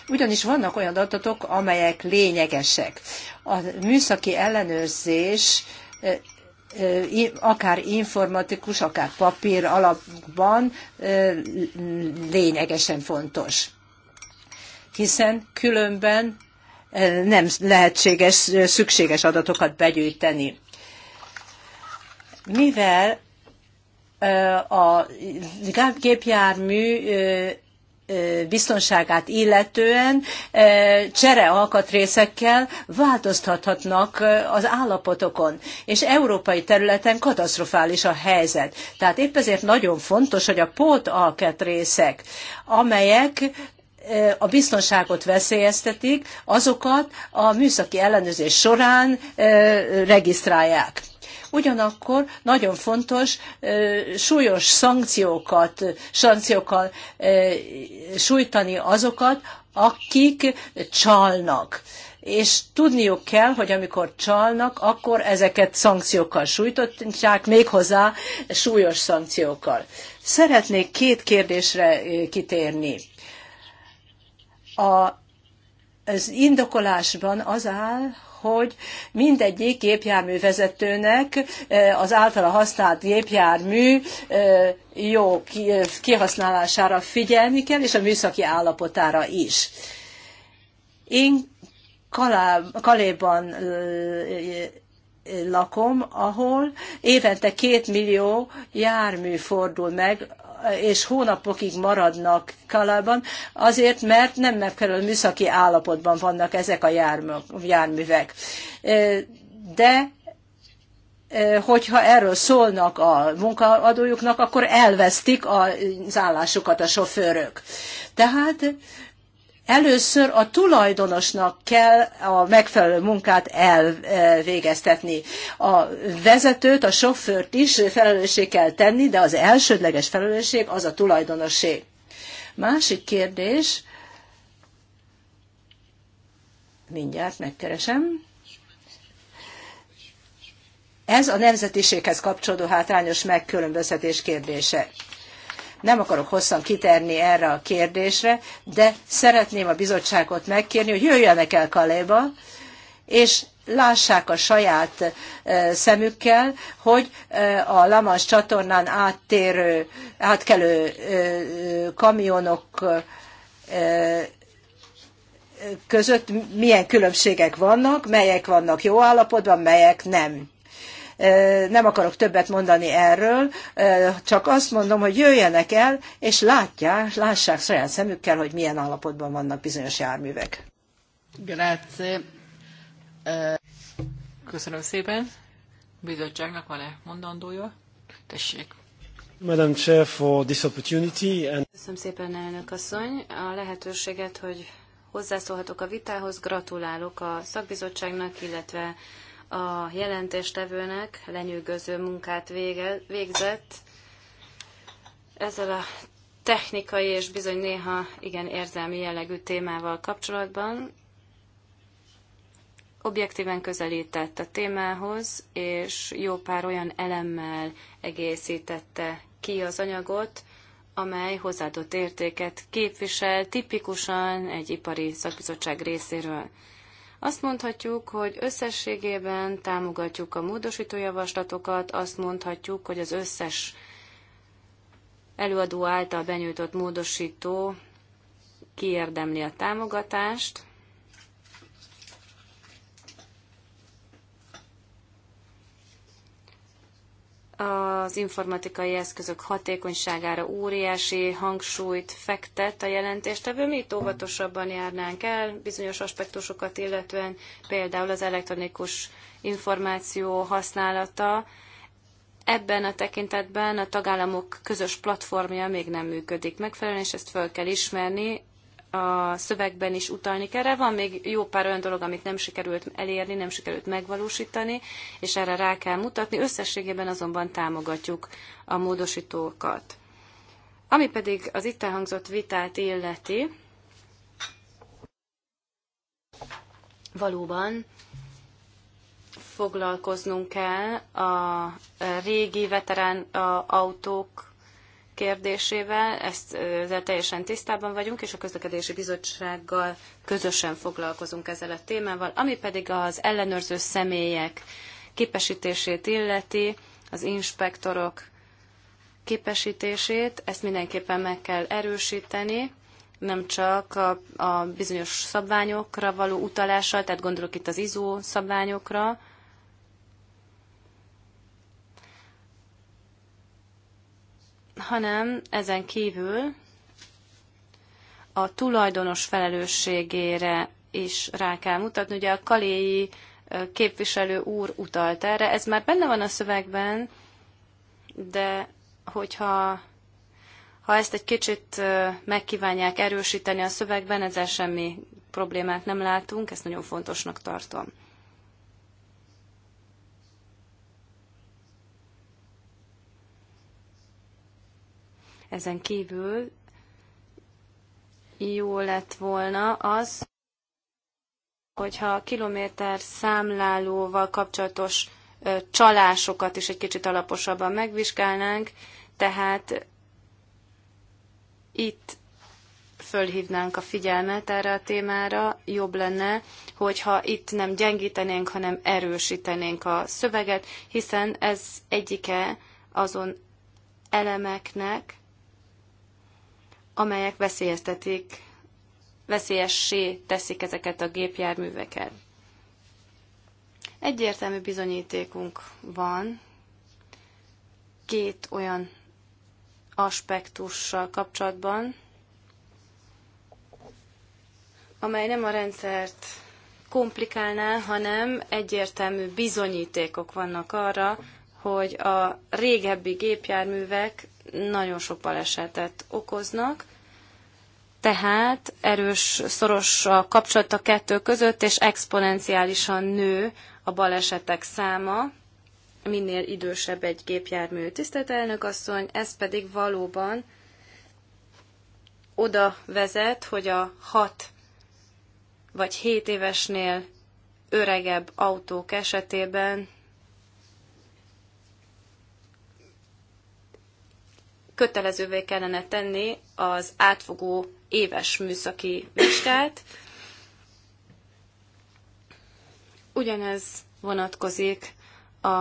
Ugyanis vannak olyan adatok, amelyek lényegesek. A műszaki ellenőrzés akár informatikus, akár papír alapban lényegesen fontos. Hiszen különben nem lehetséges, szükséges adatokat begyűjteni. Mivel a gépjármű biztonságát illetően csere alkatrészekkel változtathatnak az állapotokon. És európai területen katasztrofális a helyzet. Tehát épp ezért nagyon fontos, hogy a pót alkatrészek, amelyek a biztonságot veszélyeztetik, azokat a műszaki ellenőrzés során regisztrálják ugyanakkor nagyon fontos súlyos szankciókat, szankciókkal sújtani azokat, akik csalnak és tudniuk kell, hogy amikor csalnak, akkor ezeket szankciókkal sújtották, méghozzá súlyos szankciókkal. Szeretnék két kérdésre kitérni. A, az indokolásban az áll, hogy mindegyik gépjárművezetőnek az általa használt gépjármű jó kihasználására figyelni kell, és a műszaki állapotára is. Én Kaléban lakom, ahol évente két millió jármű fordul meg és hónapokig maradnak Kalában, azért, mert nem megfelelő műszaki állapotban vannak ezek a járművek. De hogyha erről szólnak a munkaadójuknak, akkor elvesztik az állásukat a sofőrök. Tehát Először a tulajdonosnak kell a megfelelő munkát elvégeztetni. A vezetőt, a sofőrt is felelősség kell tenni, de az elsődleges felelősség az a tulajdonosé. Másik kérdés, mindjárt megkeresem. Ez a nemzetiséghez kapcsolódó hátrányos megkülönböztetés kérdése. Nem akarok hosszan kiterni erre a kérdésre, de szeretném a bizottságot megkérni, hogy jöjjenek el Kaléba, és lássák a saját szemükkel, hogy a Lamas csatornán áttérő, átkelő kamionok között milyen különbségek vannak, melyek vannak jó állapotban, melyek nem nem akarok többet mondani erről, csak azt mondom, hogy jöjjenek el, és látják, lássák saját szemükkel, hogy milyen állapotban vannak bizonyos járművek. Grazie. Köszönöm szépen. Bizottságnak van-e mondandója? Tessék. Madam Chair for this opportunity and... Köszönöm szépen, elnök asszony, a lehetőséget, hogy hozzászólhatok a vitához. Gratulálok a szakbizottságnak, illetve a jelentéstevőnek lenyűgöző munkát vége, végzett. Ezzel a technikai és bizony néha igen érzelmi jellegű témával kapcsolatban objektíven közelített a témához, és jó pár olyan elemmel egészítette ki az anyagot, amely hozzáadott értéket képvisel tipikusan egy ipari szakbizottság részéről. Azt mondhatjuk, hogy összességében támogatjuk a módosító javaslatokat, azt mondhatjuk, hogy az összes előadó által benyújtott módosító kiérdemli a támogatást, az informatikai eszközök hatékonyságára óriási hangsúlyt fektet a jelentéstevő. Mi itt óvatosabban járnánk el bizonyos aspektusokat, illetően például az elektronikus információ használata. Ebben a tekintetben a tagállamok közös platformja még nem működik megfelelően, és ezt föl kell ismerni, a szövegben is utalni kell. Erre van még jó pár olyan dolog, amit nem sikerült elérni, nem sikerült megvalósítani, és erre rá kell mutatni. Összességében azonban támogatjuk a módosítókat. Ami pedig az itt elhangzott vitát illeti, valóban foglalkoznunk kell a régi veterán autók kérdésével, ezt, ezzel teljesen tisztában vagyunk, és a közlekedési bizottsággal közösen foglalkozunk ezzel a témával, ami pedig az ellenőrző személyek képesítését illeti, az inspektorok képesítését, ezt mindenképpen meg kell erősíteni, nem csak a, a bizonyos szabványokra való utalással, tehát gondolok itt az ISO szabványokra, hanem ezen kívül a tulajdonos felelősségére is rá kell mutatni. Ugye a kaléi képviselő úr utalt erre, ez már benne van a szövegben, de hogyha ha ezt egy kicsit megkívánják erősíteni a szövegben, ezzel semmi problémát nem látunk, ezt nagyon fontosnak tartom. Ezen kívül jó lett volna az, hogyha a kilométer számlálóval kapcsolatos csalásokat is egy kicsit alaposabban megvizsgálnánk, tehát itt fölhívnánk a figyelmet erre a témára, jobb lenne, hogyha itt nem gyengítenénk, hanem erősítenénk a szöveget, hiszen ez egyike azon elemeknek, amelyek veszélyeztetik, veszélyessé teszik ezeket a gépjárműveket. Egyértelmű bizonyítékunk van két olyan aspektussal kapcsolatban, amely nem a rendszert komplikálná, hanem egyértelmű bizonyítékok vannak arra, hogy a régebbi gépjárművek nagyon sok balesetet okoznak, tehát erős, szoros a kapcsolat a kettő között, és exponenciálisan nő a balesetek száma, minél idősebb egy gépjármű. Tisztelt elnök asszony, ez pedig valóban oda vezet, hogy a hat vagy hét évesnél öregebb autók esetében kötelezővé kellene tenni az átfogó éves műszaki vizsgát. Ugyanez vonatkozik a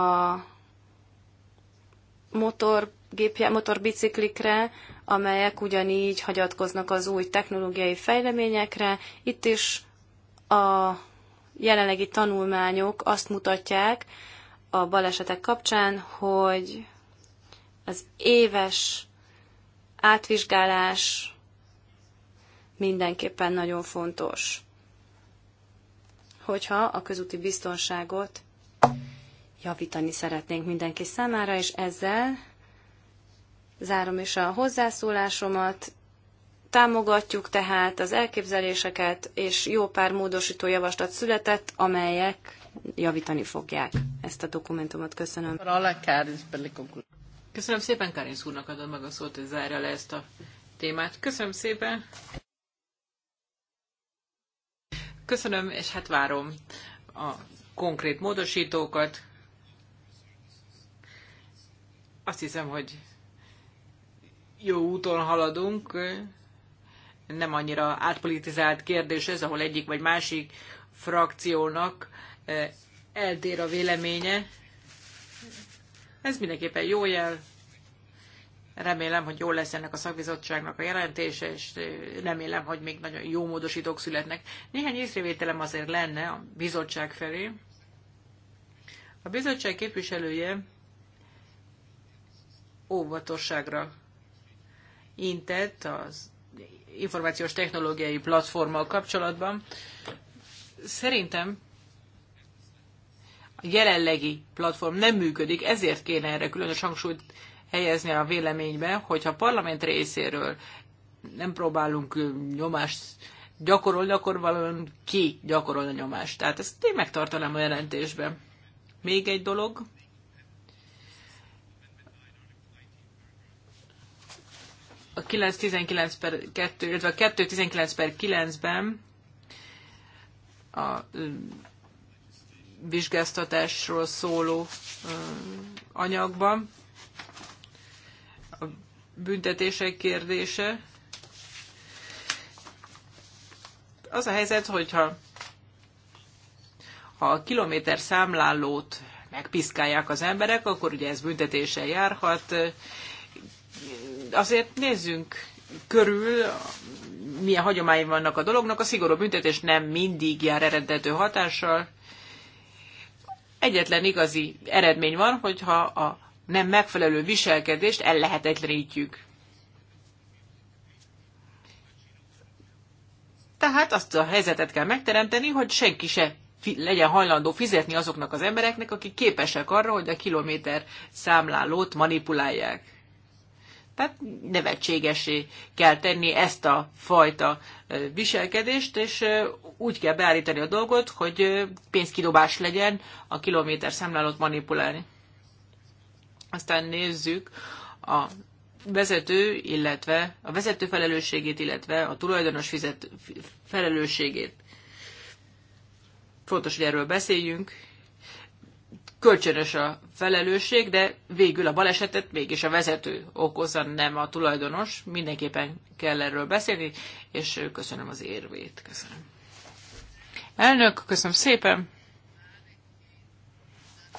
motorgépjá, motorbiciklikre, amelyek ugyanígy hagyatkoznak az új technológiai fejleményekre. Itt is a jelenlegi tanulmányok azt mutatják a balesetek kapcsán, hogy az éves átvizsgálás mindenképpen nagyon fontos, hogyha a közúti biztonságot javítani szeretnénk mindenki számára, és ezzel zárom is a hozzászólásomat. Támogatjuk tehát az elképzeléseket, és jó pár módosító javaslat született, amelyek javítani fogják ezt a dokumentumot. Köszönöm. Köszönöm szépen, Karin szúrnak, adom meg a szót, hogy zárja le ezt a témát. Köszönöm szépen. Köszönöm, és hát várom a konkrét módosítókat. Azt hiszem, hogy jó úton haladunk. Nem annyira átpolitizált kérdés ez, ahol egyik vagy másik frakciónak eh, eltér a véleménye. Ez mindenképpen jó jel. Remélem, hogy jó lesz ennek a szakbizottságnak a jelentése, és remélem, hogy még nagyon jó módosítók születnek. Néhány észrevételem azért lenne a bizottság felé. A bizottság képviselője óvatosságra intett az információs technológiai platformmal kapcsolatban. Szerintem jelenlegi platform nem működik, ezért kéne erre különös hangsúlyt helyezni a véleménybe, hogyha a parlament részéről nem próbálunk nyomást gyakorolni, akkor valóban ki gyakorol a nyomást. Tehát ezt én megtartanám a jelentésben. Még egy dolog. A 919 per 2, illetve a 219 per 9-ben a vizsgáztatásról szóló anyagban. A büntetések kérdése. Az a helyzet, hogyha ha a kilométer számlálót megpiszkálják az emberek, akkor ugye ez büntetéssel járhat. Azért nézzünk körül, milyen hagyományi vannak a dolognak. A szigorú büntetés nem mindig jár eredető hatással. Egyetlen igazi eredmény van, hogyha a nem megfelelő viselkedést ellehetetlenítjük. Tehát azt a helyzetet kell megteremteni, hogy senki se legyen hajlandó fizetni azoknak az embereknek, akik képesek arra, hogy a kilométer számlálót manipulálják. Tehát nevetségesé kell tenni ezt a fajta viselkedést, és úgy kell beállítani a dolgot, hogy pénzkidobás legyen a kilométer számlálót manipulálni. Aztán nézzük a vezető, illetve a vezető felelősségét, illetve a tulajdonos fizet felelősségét. Fontos, hogy erről beszéljünk, kölcsönös a felelősség, de végül a balesetet mégis a vezető okozza, nem a tulajdonos. Mindenképpen kell erről beszélni, és köszönöm az érvét. Köszönöm. Elnök, köszönöm szépen.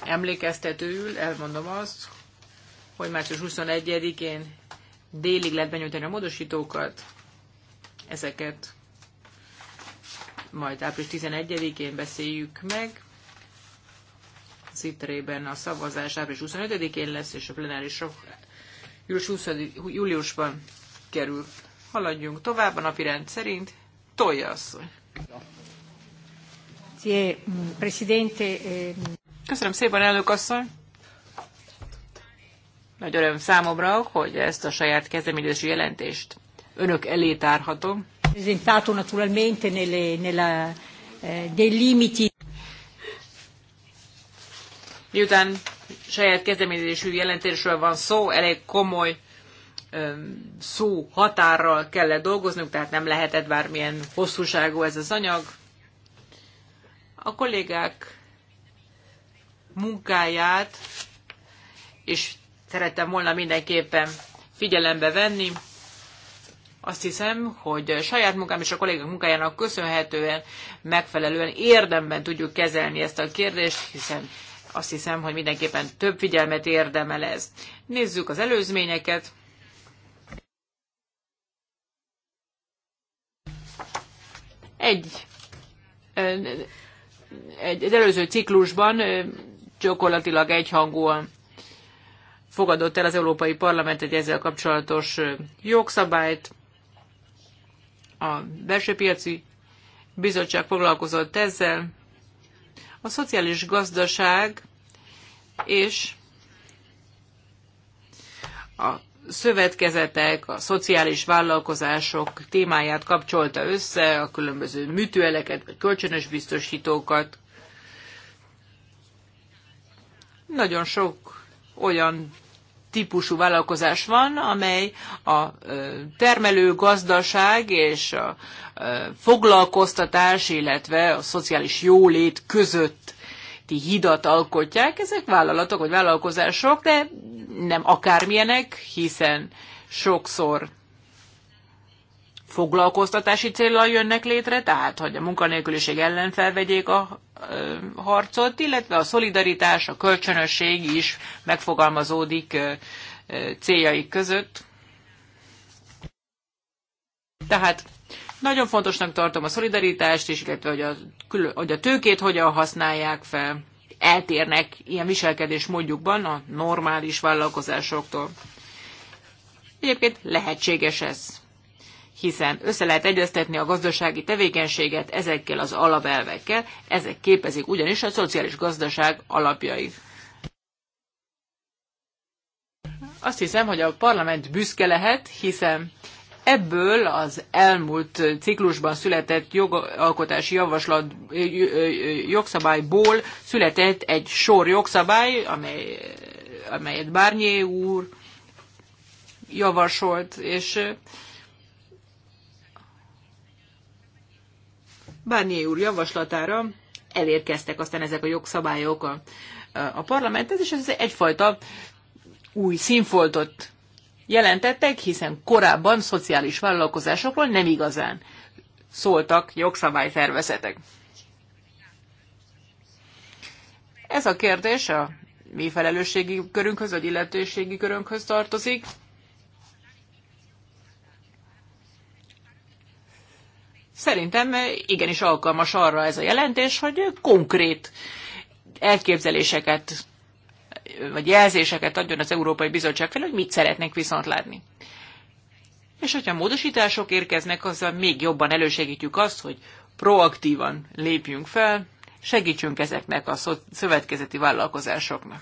Emlékeztetőül elmondom azt, hogy március 21-én délig lehet benyújtani a módosítókat, ezeket majd április 11-én beszéljük meg, az a szavazás április 25-én lesz, és a plenáris sok július 20 júliusban kerül. Haladjunk tovább a napi rend szerint. Tolja asszony. Eh, Köszönöm szépen, elnök asszony. Nagy öröm számomra, hogy ezt a saját kezdeményezési jelentést önök elé tárhatom. Presentato naturalmente nelle, nella, eh, dei limiti. Miután saját kezdeményezésű jelentésről van szó, elég komoly szó határral kellett dolgoznunk, tehát nem lehetett bármilyen hosszúságú ez az anyag. A kollégák munkáját, és szerettem volna mindenképpen figyelembe venni. Azt hiszem, hogy saját munkám és a kollégák munkájának köszönhetően megfelelően érdemben tudjuk kezelni ezt a kérdést, hiszen azt hiszem, hogy mindenképpen több figyelmet érdemel ez. Nézzük az előzményeket. Egy, egy, egy előző ciklusban gyakorlatilag egyhangúan fogadott el az Európai Parlament egy ezzel kapcsolatos jogszabályt. A belső piaci bizottság foglalkozott ezzel, a szociális gazdaság és a szövetkezetek, a szociális vállalkozások témáját kapcsolta össze, a különböző műtőeleket, vagy kölcsönös biztosítókat. Nagyon sok olyan típusú vállalkozás van, amely a termelő gazdaság és a foglalkoztatás, illetve a szociális jólét között hidat alkotják. Ezek vállalatok vagy vállalkozások, de nem akármilyenek, hiszen sokszor foglalkoztatási célral jönnek létre, tehát hogy a munkanélküliség ellen felvegyék a harcot, illetve a szolidaritás, a kölcsönösség is megfogalmazódik céljaik között. Tehát nagyon fontosnak tartom a szolidaritást is, illetve hogy a, hogy a tőkét hogyan használják fel. Eltérnek ilyen viselkedés mondjukban a normális vállalkozásoktól. Egyébként lehetséges ez hiszen össze lehet egyeztetni a gazdasági tevékenységet ezekkel az alapelvekkel, ezek képezik ugyanis a szociális gazdaság alapjait. Azt hiszem, hogy a parlament büszke lehet, hiszen ebből az elmúlt ciklusban született jogalkotási javaslat jogszabályból született egy sor jogszabály, amely, amelyet Bárnyé úr javasolt, és Barnier úr javaslatára elérkeztek aztán ezek a jogszabályok a, a parlamenthez, és ez egyfajta új színfoltot jelentettek, hiszen korábban szociális vállalkozásokról nem igazán szóltak jogszabálytervezetek. Ez a kérdés a mi felelősségi körünkhöz, vagy illetőségi körünkhöz tartozik. Szerintem igenis alkalmas arra ez a jelentés, hogy konkrét elképzeléseket vagy jelzéseket adjon az Európai Bizottság felé, hogy mit szeretnénk viszont látni. És hogyha módosítások érkeznek, azzal még jobban elősegítjük azt, hogy proaktívan lépjünk fel, segítsünk ezeknek a szövetkezeti vállalkozásoknak.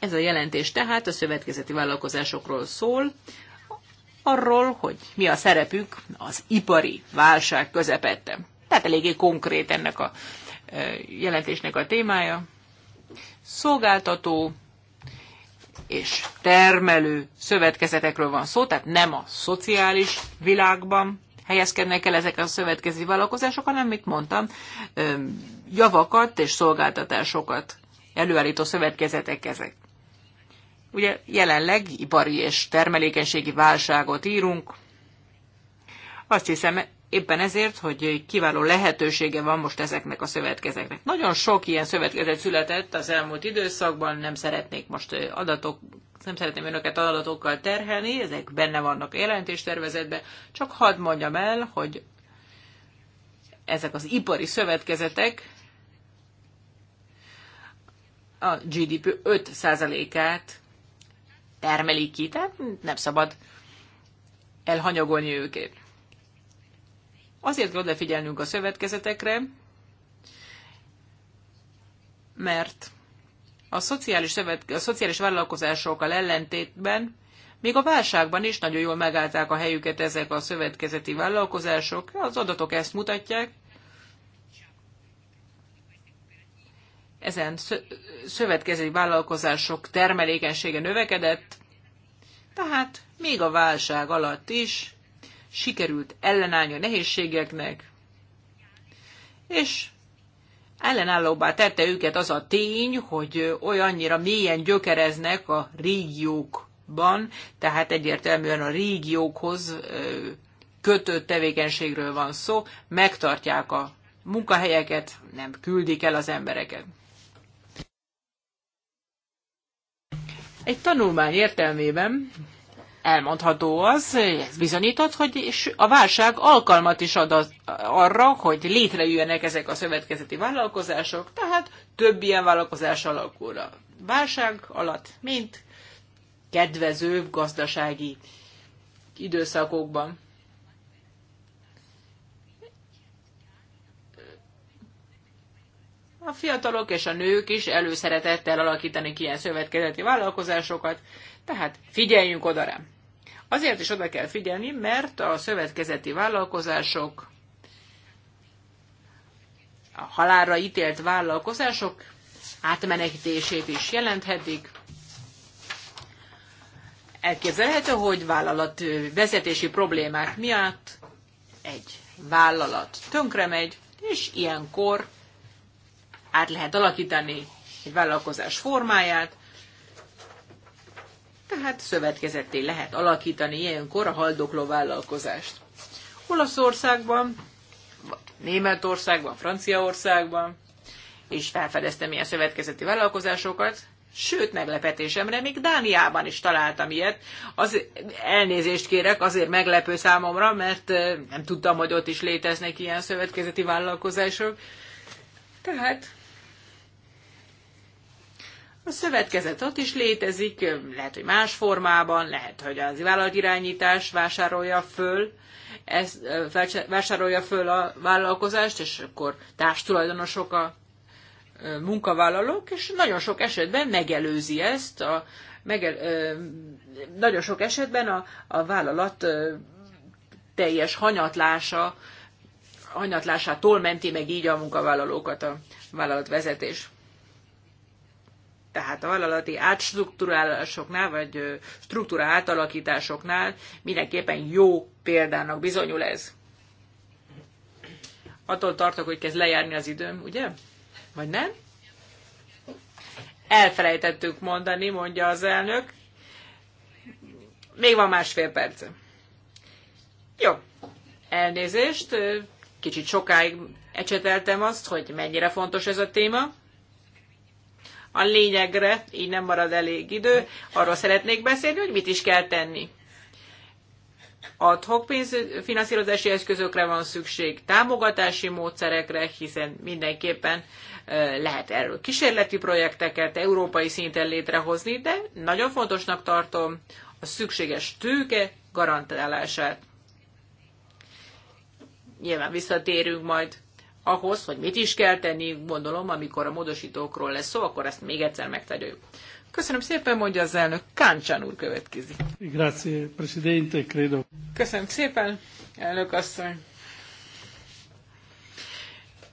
Ez a jelentés tehát a szövetkezeti vállalkozásokról szól, arról, hogy mi a szerepük az ipari válság közepette. Tehát eléggé konkrét ennek a e, jelentésnek a témája. Szolgáltató és termelő szövetkezetekről van szó, tehát nem a szociális világban helyezkednek el ezek a szövetkezeti vállalkozások, hanem, mint mondtam, e, javakat és szolgáltatásokat előállító szövetkezetek ezek. Ugye jelenleg ipari és termelékenységi válságot írunk. Azt hiszem, éppen ezért, hogy kiváló lehetősége van most ezeknek a szövetkezeknek. Nagyon sok ilyen szövetkezet született az elmúlt időszakban, nem szeretnék most adatok, nem szeretném önöket adatokkal terhelni, ezek benne vannak a jelentéstervezetben, csak hadd mondjam el, hogy ezek az ipari szövetkezetek a GDP 5%-át termelik ki, tehát nem szabad elhanyagolni őket. Azért kell odafigyelnünk a szövetkezetekre, mert a szociális, szövet, a szociális vállalkozásokkal ellentétben még a válságban is nagyon jól megállták a helyüket ezek a szövetkezeti vállalkozások, az adatok ezt mutatják, ezen szövetkezeti vállalkozások termelékenysége növekedett, tehát még a válság alatt is sikerült ellenállni a nehézségeknek, és ellenállóbbá tette őket az a tény, hogy olyannyira mélyen gyökereznek a régiókban, tehát egyértelműen a régiókhoz kötött tevékenységről van szó, megtartják a munkahelyeket, nem küldik el az embereket. Egy tanulmány értelmében elmondható az, ez bizonyított, hogy a válság alkalmat is ad az, arra, hogy létrejöjjenek ezek a szövetkezeti vállalkozások, tehát több ilyen vállalkozás alakul a válság alatt, mint kedvezőbb gazdasági időszakokban. A fiatalok és a nők is előszeretettel alakítani ki ilyen szövetkezeti vállalkozásokat, tehát figyeljünk oda rá. Azért is oda kell figyelni, mert a szövetkezeti vállalkozások, a halálra ítélt vállalkozások átmenekítését is jelenthetik. Elképzelhető, hogy vállalat vezetési problémák miatt egy vállalat tönkre megy, és ilyenkor át lehet alakítani egy vállalkozás formáját, tehát szövetkezetté lehet alakítani ilyenkor a haldokló vállalkozást. Olaszországban, Németországban, Franciaországban, és felfedeztem ilyen szövetkezeti vállalkozásokat, sőt meglepetésemre még Dániában is találtam ilyet. Az, elnézést kérek, azért meglepő számomra, mert nem tudtam, hogy ott is léteznek ilyen szövetkezeti vállalkozások. Tehát a szövetkezet ott is létezik, lehet, hogy más formában, lehet, hogy az vállalatirányítás vásárolja föl, ez, vásárolja föl a vállalkozást, és akkor társtulajdonosok a munkavállalók, és nagyon sok esetben megelőzi ezt, a, megel, nagyon sok esetben a, a vállalat teljes hanyatlása, hanyatlásától menti meg így a munkavállalókat a vállalatvezetés tehát a vállalati átstruktúrálásoknál, vagy struktúra átalakításoknál mindenképpen jó példának bizonyul ez. Attól tartok, hogy kezd lejárni az időm, ugye? Vagy nem? Elfelejtettük mondani, mondja az elnök. Még van másfél perc. Jó. Elnézést. Kicsit sokáig ecseteltem azt, hogy mennyire fontos ez a téma a lényegre, így nem marad elég idő, arról szeretnék beszélni, hogy mit is kell tenni. Adhok finanszírozási eszközökre van szükség, támogatási módszerekre, hiszen mindenképpen lehet erről kísérleti projekteket európai szinten létrehozni, de nagyon fontosnak tartom a szükséges tőke garantálását. Nyilván visszatérünk majd ahhoz, hogy mit is kell tenni, gondolom, amikor a módosítókról lesz szó, akkor ezt még egyszer megtegyük. Köszönöm szépen, mondja az elnök. Káncsán úr következik. Grazie, presidente, credo. Köszönöm szépen, elnök asszony.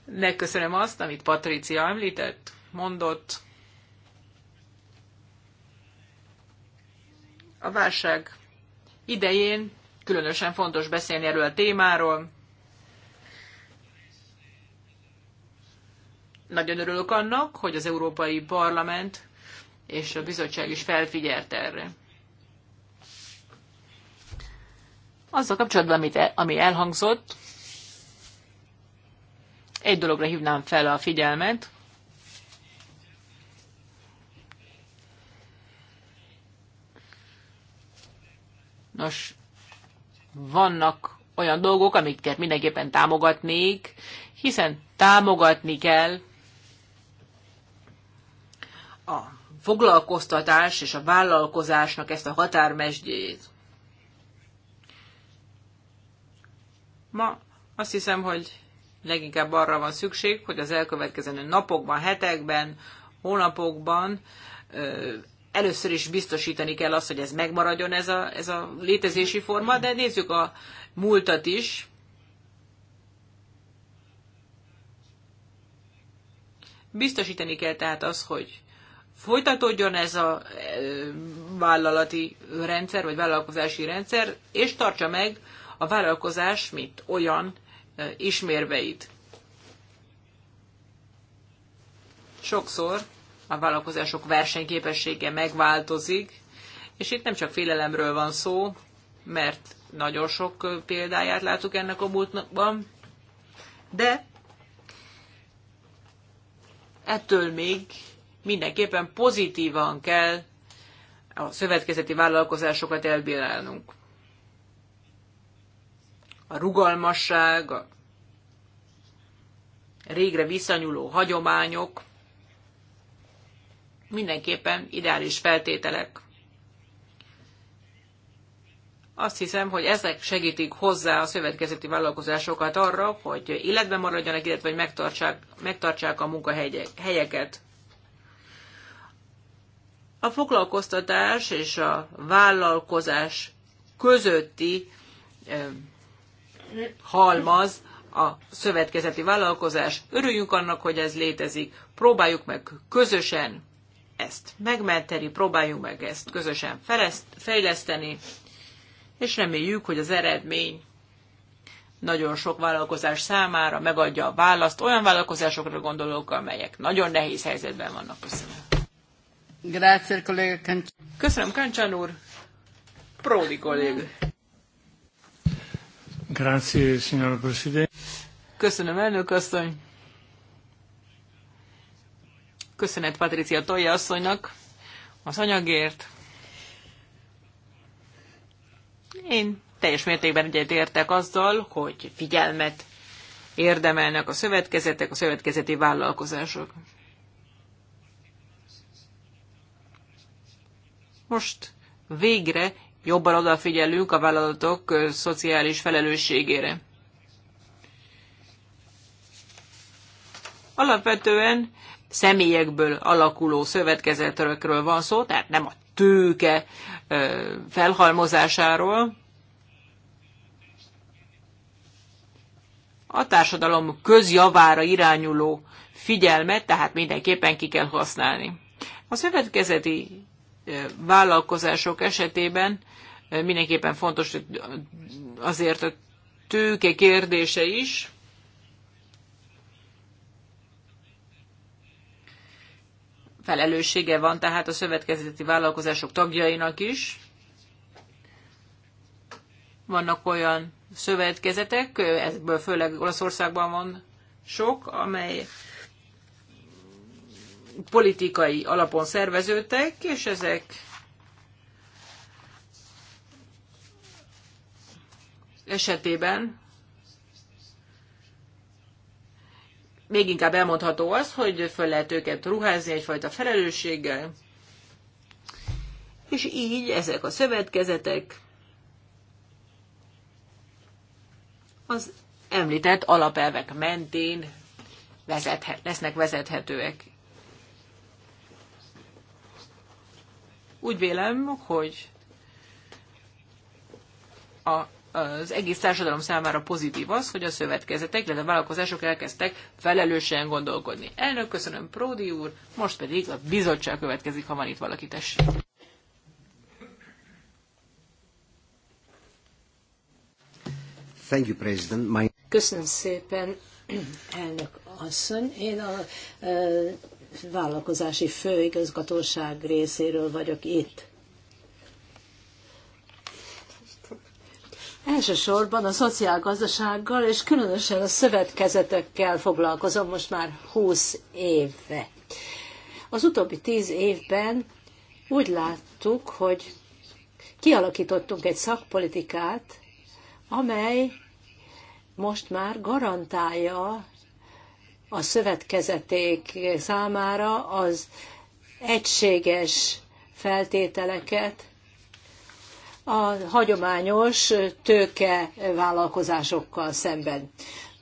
Megköszönöm azt, amit Patricia említett, mondott. A válság idején különösen fontos beszélni erről a témáról, Nagyon örülök annak, hogy az Európai Parlament és a bizottság is felfigyelt erre. Azzal kapcsolatban, amit el, ami elhangzott, egy dologra hívnám fel a figyelmet. Nos, vannak olyan dolgok, amiket mindenképpen támogatnék, hiszen támogatni kell a foglalkoztatás és a vállalkozásnak ezt a határmesdjét. Ma azt hiszem, hogy leginkább arra van szükség, hogy az elkövetkező napokban, hetekben, hónapokban először is biztosítani kell azt, hogy ez megmaradjon ez a, ez a létezési forma, de nézzük a múltat is. Biztosítani kell tehát az, hogy folytatódjon ez a e, vállalati rendszer, vagy vállalkozási rendszer, és tartsa meg a vállalkozás, mint olyan e, ismérveit. Sokszor a vállalkozások versenyképessége megváltozik, és itt nem csak félelemről van szó, mert nagyon sok e, példáját látok ennek a múltban, de ettől még mindenképpen pozitívan kell a szövetkezeti vállalkozásokat elbírálnunk. A rugalmasság, a régre visszanyúló hagyományok mindenképpen ideális feltételek. Azt hiszem, hogy ezek segítik hozzá a szövetkezeti vállalkozásokat arra, hogy életben maradjanak, illetve hogy megtartsák, megtartsák a munkahelyeket. A foglalkoztatás és a vállalkozás közötti halmaz a szövetkezeti vállalkozás. Örüljünk annak, hogy ez létezik. Próbáljuk meg közösen ezt megmenteni, próbáljuk meg ezt közösen fejleszteni, és reméljük, hogy az eredmény nagyon sok vállalkozás számára megadja a választ. Olyan vállalkozásokra gondolok, amelyek nagyon nehéz helyzetben vannak. Köszönöm. Grazie, kolléga Kancsán. Köszönöm, Kancsán úr. Pródi kollég. Grazie, signor Presidente. Köszönöm, elnök asszony. Köszönet Patricia Tolja asszonynak az anyagért. Én teljes mértékben egyetértek azzal, hogy figyelmet érdemelnek a szövetkezetek, a szövetkezeti vállalkozások. Most végre jobban odafigyelünk a vállalatok szociális felelősségére. Alapvetően személyekből alakuló szövetkezetről van szó, tehát nem a tőke felhalmozásáról. A társadalom közjavára irányuló figyelmet tehát mindenképpen ki kell használni. A szövetkezeti vállalkozások esetében mindenképpen fontos azért a tőke kérdése is. Felelőssége van tehát a szövetkezeti vállalkozások tagjainak is. Vannak olyan szövetkezetek, ezekből főleg Olaszországban van sok, amely politikai alapon szerveződtek, és ezek esetében még inkább elmondható az, hogy föl lehet őket ruházni egyfajta felelősséggel, és így ezek a szövetkezetek az említett alapelvek mentén vezethet, lesznek vezethetőek. Úgy vélem, hogy a az egész társadalom számára pozitív az, hogy a szövetkezetek, illetve a vállalkozások elkezdtek felelősen gondolkodni. Elnök, köszönöm Pródi úr, most pedig a bizottság következik, ha van itt valaki tessék. Thank you, President. My... Köszönöm szépen, elnök asszony. Én a, a vállalkozási főigazgatóság részéről vagyok itt. Elsősorban a szociálgazdasággal és különösen a szövetkezetekkel foglalkozom most már 20 éve. Az utóbbi 10 évben úgy láttuk, hogy kialakítottunk egy szakpolitikát, amely most már garantálja a szövetkezeték számára az egységes feltételeket a hagyományos tőke vállalkozásokkal szemben.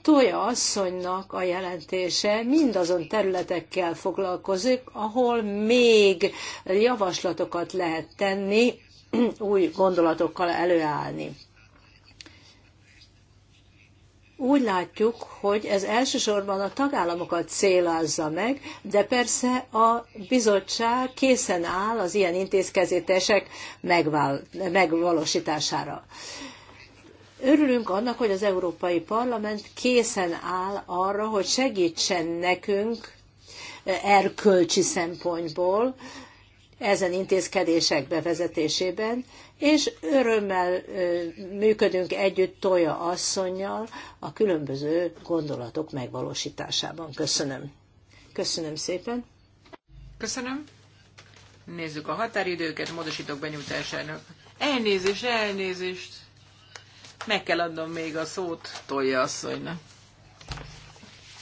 Tója asszonynak a jelentése mindazon területekkel foglalkozik, ahol még javaslatokat lehet tenni, új gondolatokkal előállni úgy látjuk, hogy ez elsősorban a tagállamokat célázza meg, de persze a bizottság készen áll az ilyen intézkezések megvalósítására. Örülünk annak, hogy az Európai Parlament készen áll arra, hogy segítsen nekünk erkölcsi szempontból, ezen intézkedések bevezetésében, és örömmel működünk együtt Tolja asszonynal a különböző gondolatok megvalósításában. Köszönöm. Köszönöm szépen. Köszönöm. Nézzük a határidőket, módosítok benyújtásának. Elnézést, elnézést. Meg kell adnom még a szót Tolja asszonynak.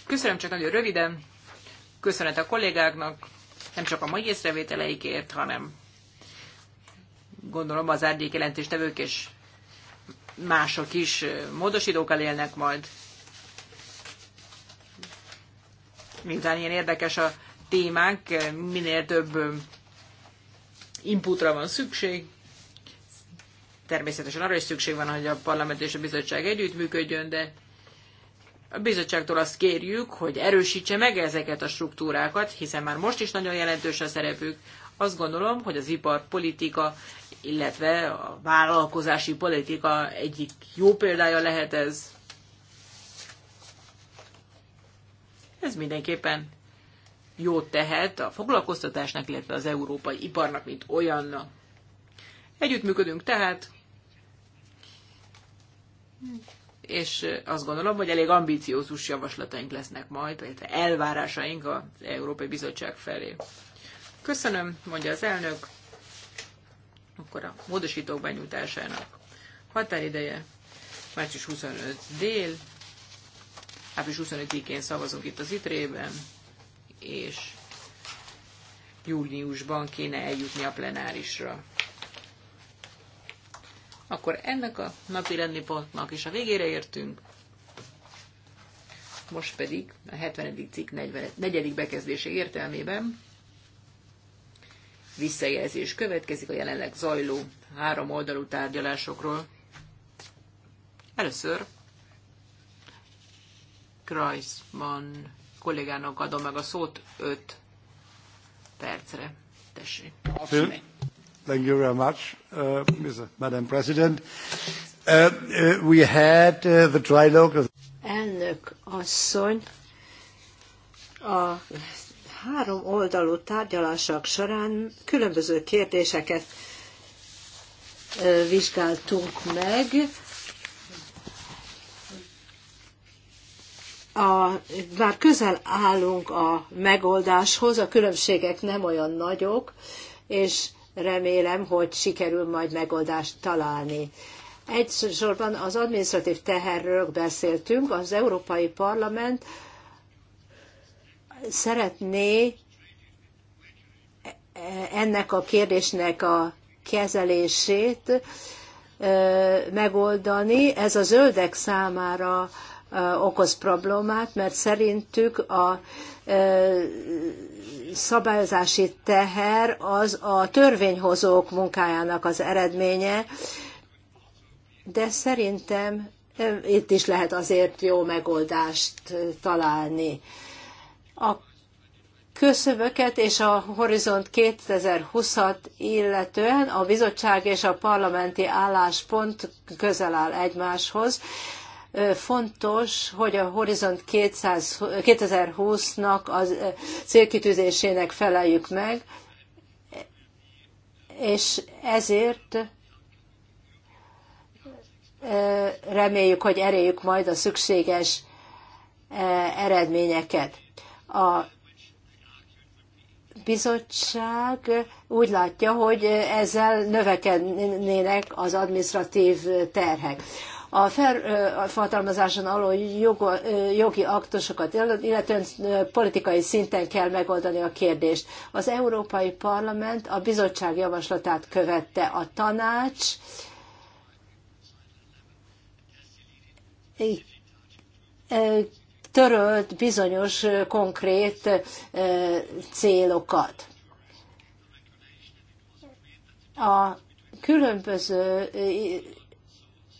Köszönöm csak nagyon röviden. Köszönet a kollégáknak, nem csak a mai észrevételeikért, hanem gondolom az árnyék jelentéstevők és mások is módosítókkal élnek majd. Miután ilyen érdekes a témánk, minél több inputra van szükség. Természetesen arra is szükség van, hogy a parlament és a bizottság együttműködjön, de a bizottságtól azt kérjük, hogy erősítse meg ezeket a struktúrákat, hiszen már most is nagyon jelentős a szerepük. Azt gondolom, hogy az iparpolitika, illetve a vállalkozási politika egyik jó példája lehet ez. Ez mindenképpen jót tehet a foglalkoztatásnak, illetve az európai iparnak, mint olyannak. Együttműködünk tehát és azt gondolom, hogy elég ambíciózus javaslataink lesznek majd, illetve elvárásaink az Európai Bizottság felé. Köszönöm, mondja az elnök, akkor a módosítók benyújtásának határideje március 25 dél, április 25-én szavazunk itt az ITRE-ben, és júliusban kéne eljutni a plenárisra. Akkor ennek a napi rendi pontnak is a végére értünk. Most pedig a 70. cikk 4. bekezdése értelmében visszajelzés következik a jelenleg zajló három oldalú tárgyalásokról. Először Kreisman kollégának adom meg a szót 5 percre. Tessék. Thank you very much, uh, Madam President. Uh, uh, we had the trilogue of... Elnök asszony, a három oldalú tárgyalások során különböző kérdéseket vizsgáltunk meg. A, már közel állunk a megoldáshoz, a különbségek nem olyan nagyok, és remélem, hogy sikerül majd megoldást találni. Egysorban az administratív teherről beszéltünk, az Európai Parlament szeretné ennek a kérdésnek a kezelését megoldani. Ez a zöldek számára okoz problémát, mert szerintük a szabályozási teher az a törvényhozók munkájának az eredménye, de szerintem itt is lehet azért jó megoldást találni. A köszövöket és a Horizont 2020-at illetően a bizottság és a parlamenti álláspont közel áll egymáshoz, fontos, hogy a Horizont 2020-nak az célkitűzésének feleljük meg, és ezért reméljük, hogy erejük majd a szükséges eredményeket. A bizottság úgy látja, hogy ezzel növekednének az administratív terhek. A felhatalmazáson aló jogi aktusokat, illetően politikai szinten kell megoldani a kérdést. Az Európai Parlament a bizottság javaslatát követte a tanács, törölt bizonyos konkrét célokat. A különböző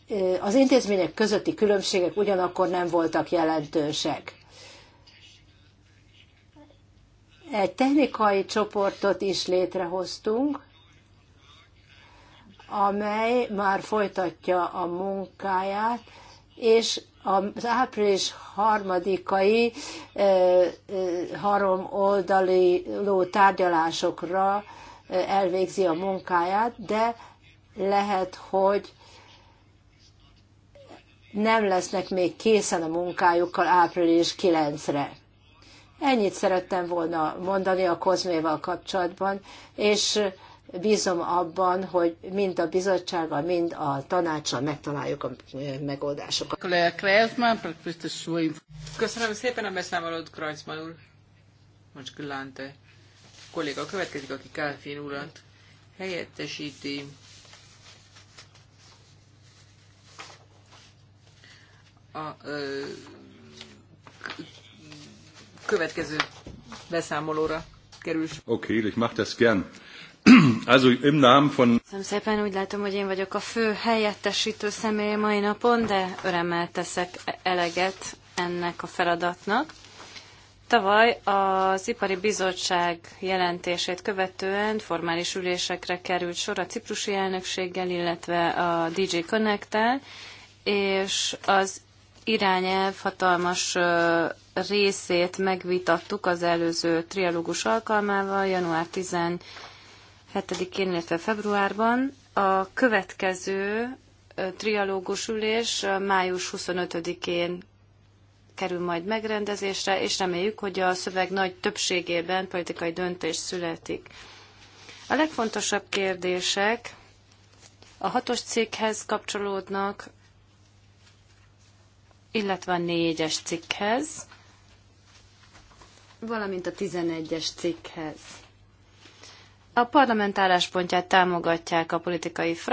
Eh, az intézmények közötti különbségek ugyanakkor nem voltak jelentősek. Egy technikai csoportot is létrehoztunk, amely már folytatja a munkáját, és az április harmadikai eh, eh, három oldali tárgyalásokra elvégzi a munkáját, de lehet, hogy nem lesznek még készen a munkájukkal április 9-re. Ennyit szerettem volna mondani a kozméval kapcsolatban, és bízom abban, hogy mind a bizottsággal, mind a tanácsal megtaláljuk a megoldásokat. Köszönöm szépen a beszámolót, Kreuzmann úr. Most Glante kolléga következik, aki Kálfin urat helyettesíti. a ö, következő beszámolóra kerül. Oké, okay, ich mach das gern. Also im Namen von... szépen, úgy látom, hogy én vagyok a fő helyettesítő személy mai napon, de örömmel teszek eleget ennek a feladatnak. Tavaly az Ipari Bizottság jelentését követően formális ülésekre került sor a ciprusi elnökséggel, illetve a DJ connect és az irányelv hatalmas részét megvitattuk az előző trialógus alkalmával, január 17-én, illetve februárban. A következő trialógus ülés május 25-én kerül majd megrendezésre, és reméljük, hogy a szöveg nagy többségében politikai döntés születik. A legfontosabb kérdések a hatos céghez kapcsolódnak, illetve a 4-es cikkhez, valamint a 11-es cikkhez. A parlament álláspontját támogatják a politikai frakciók,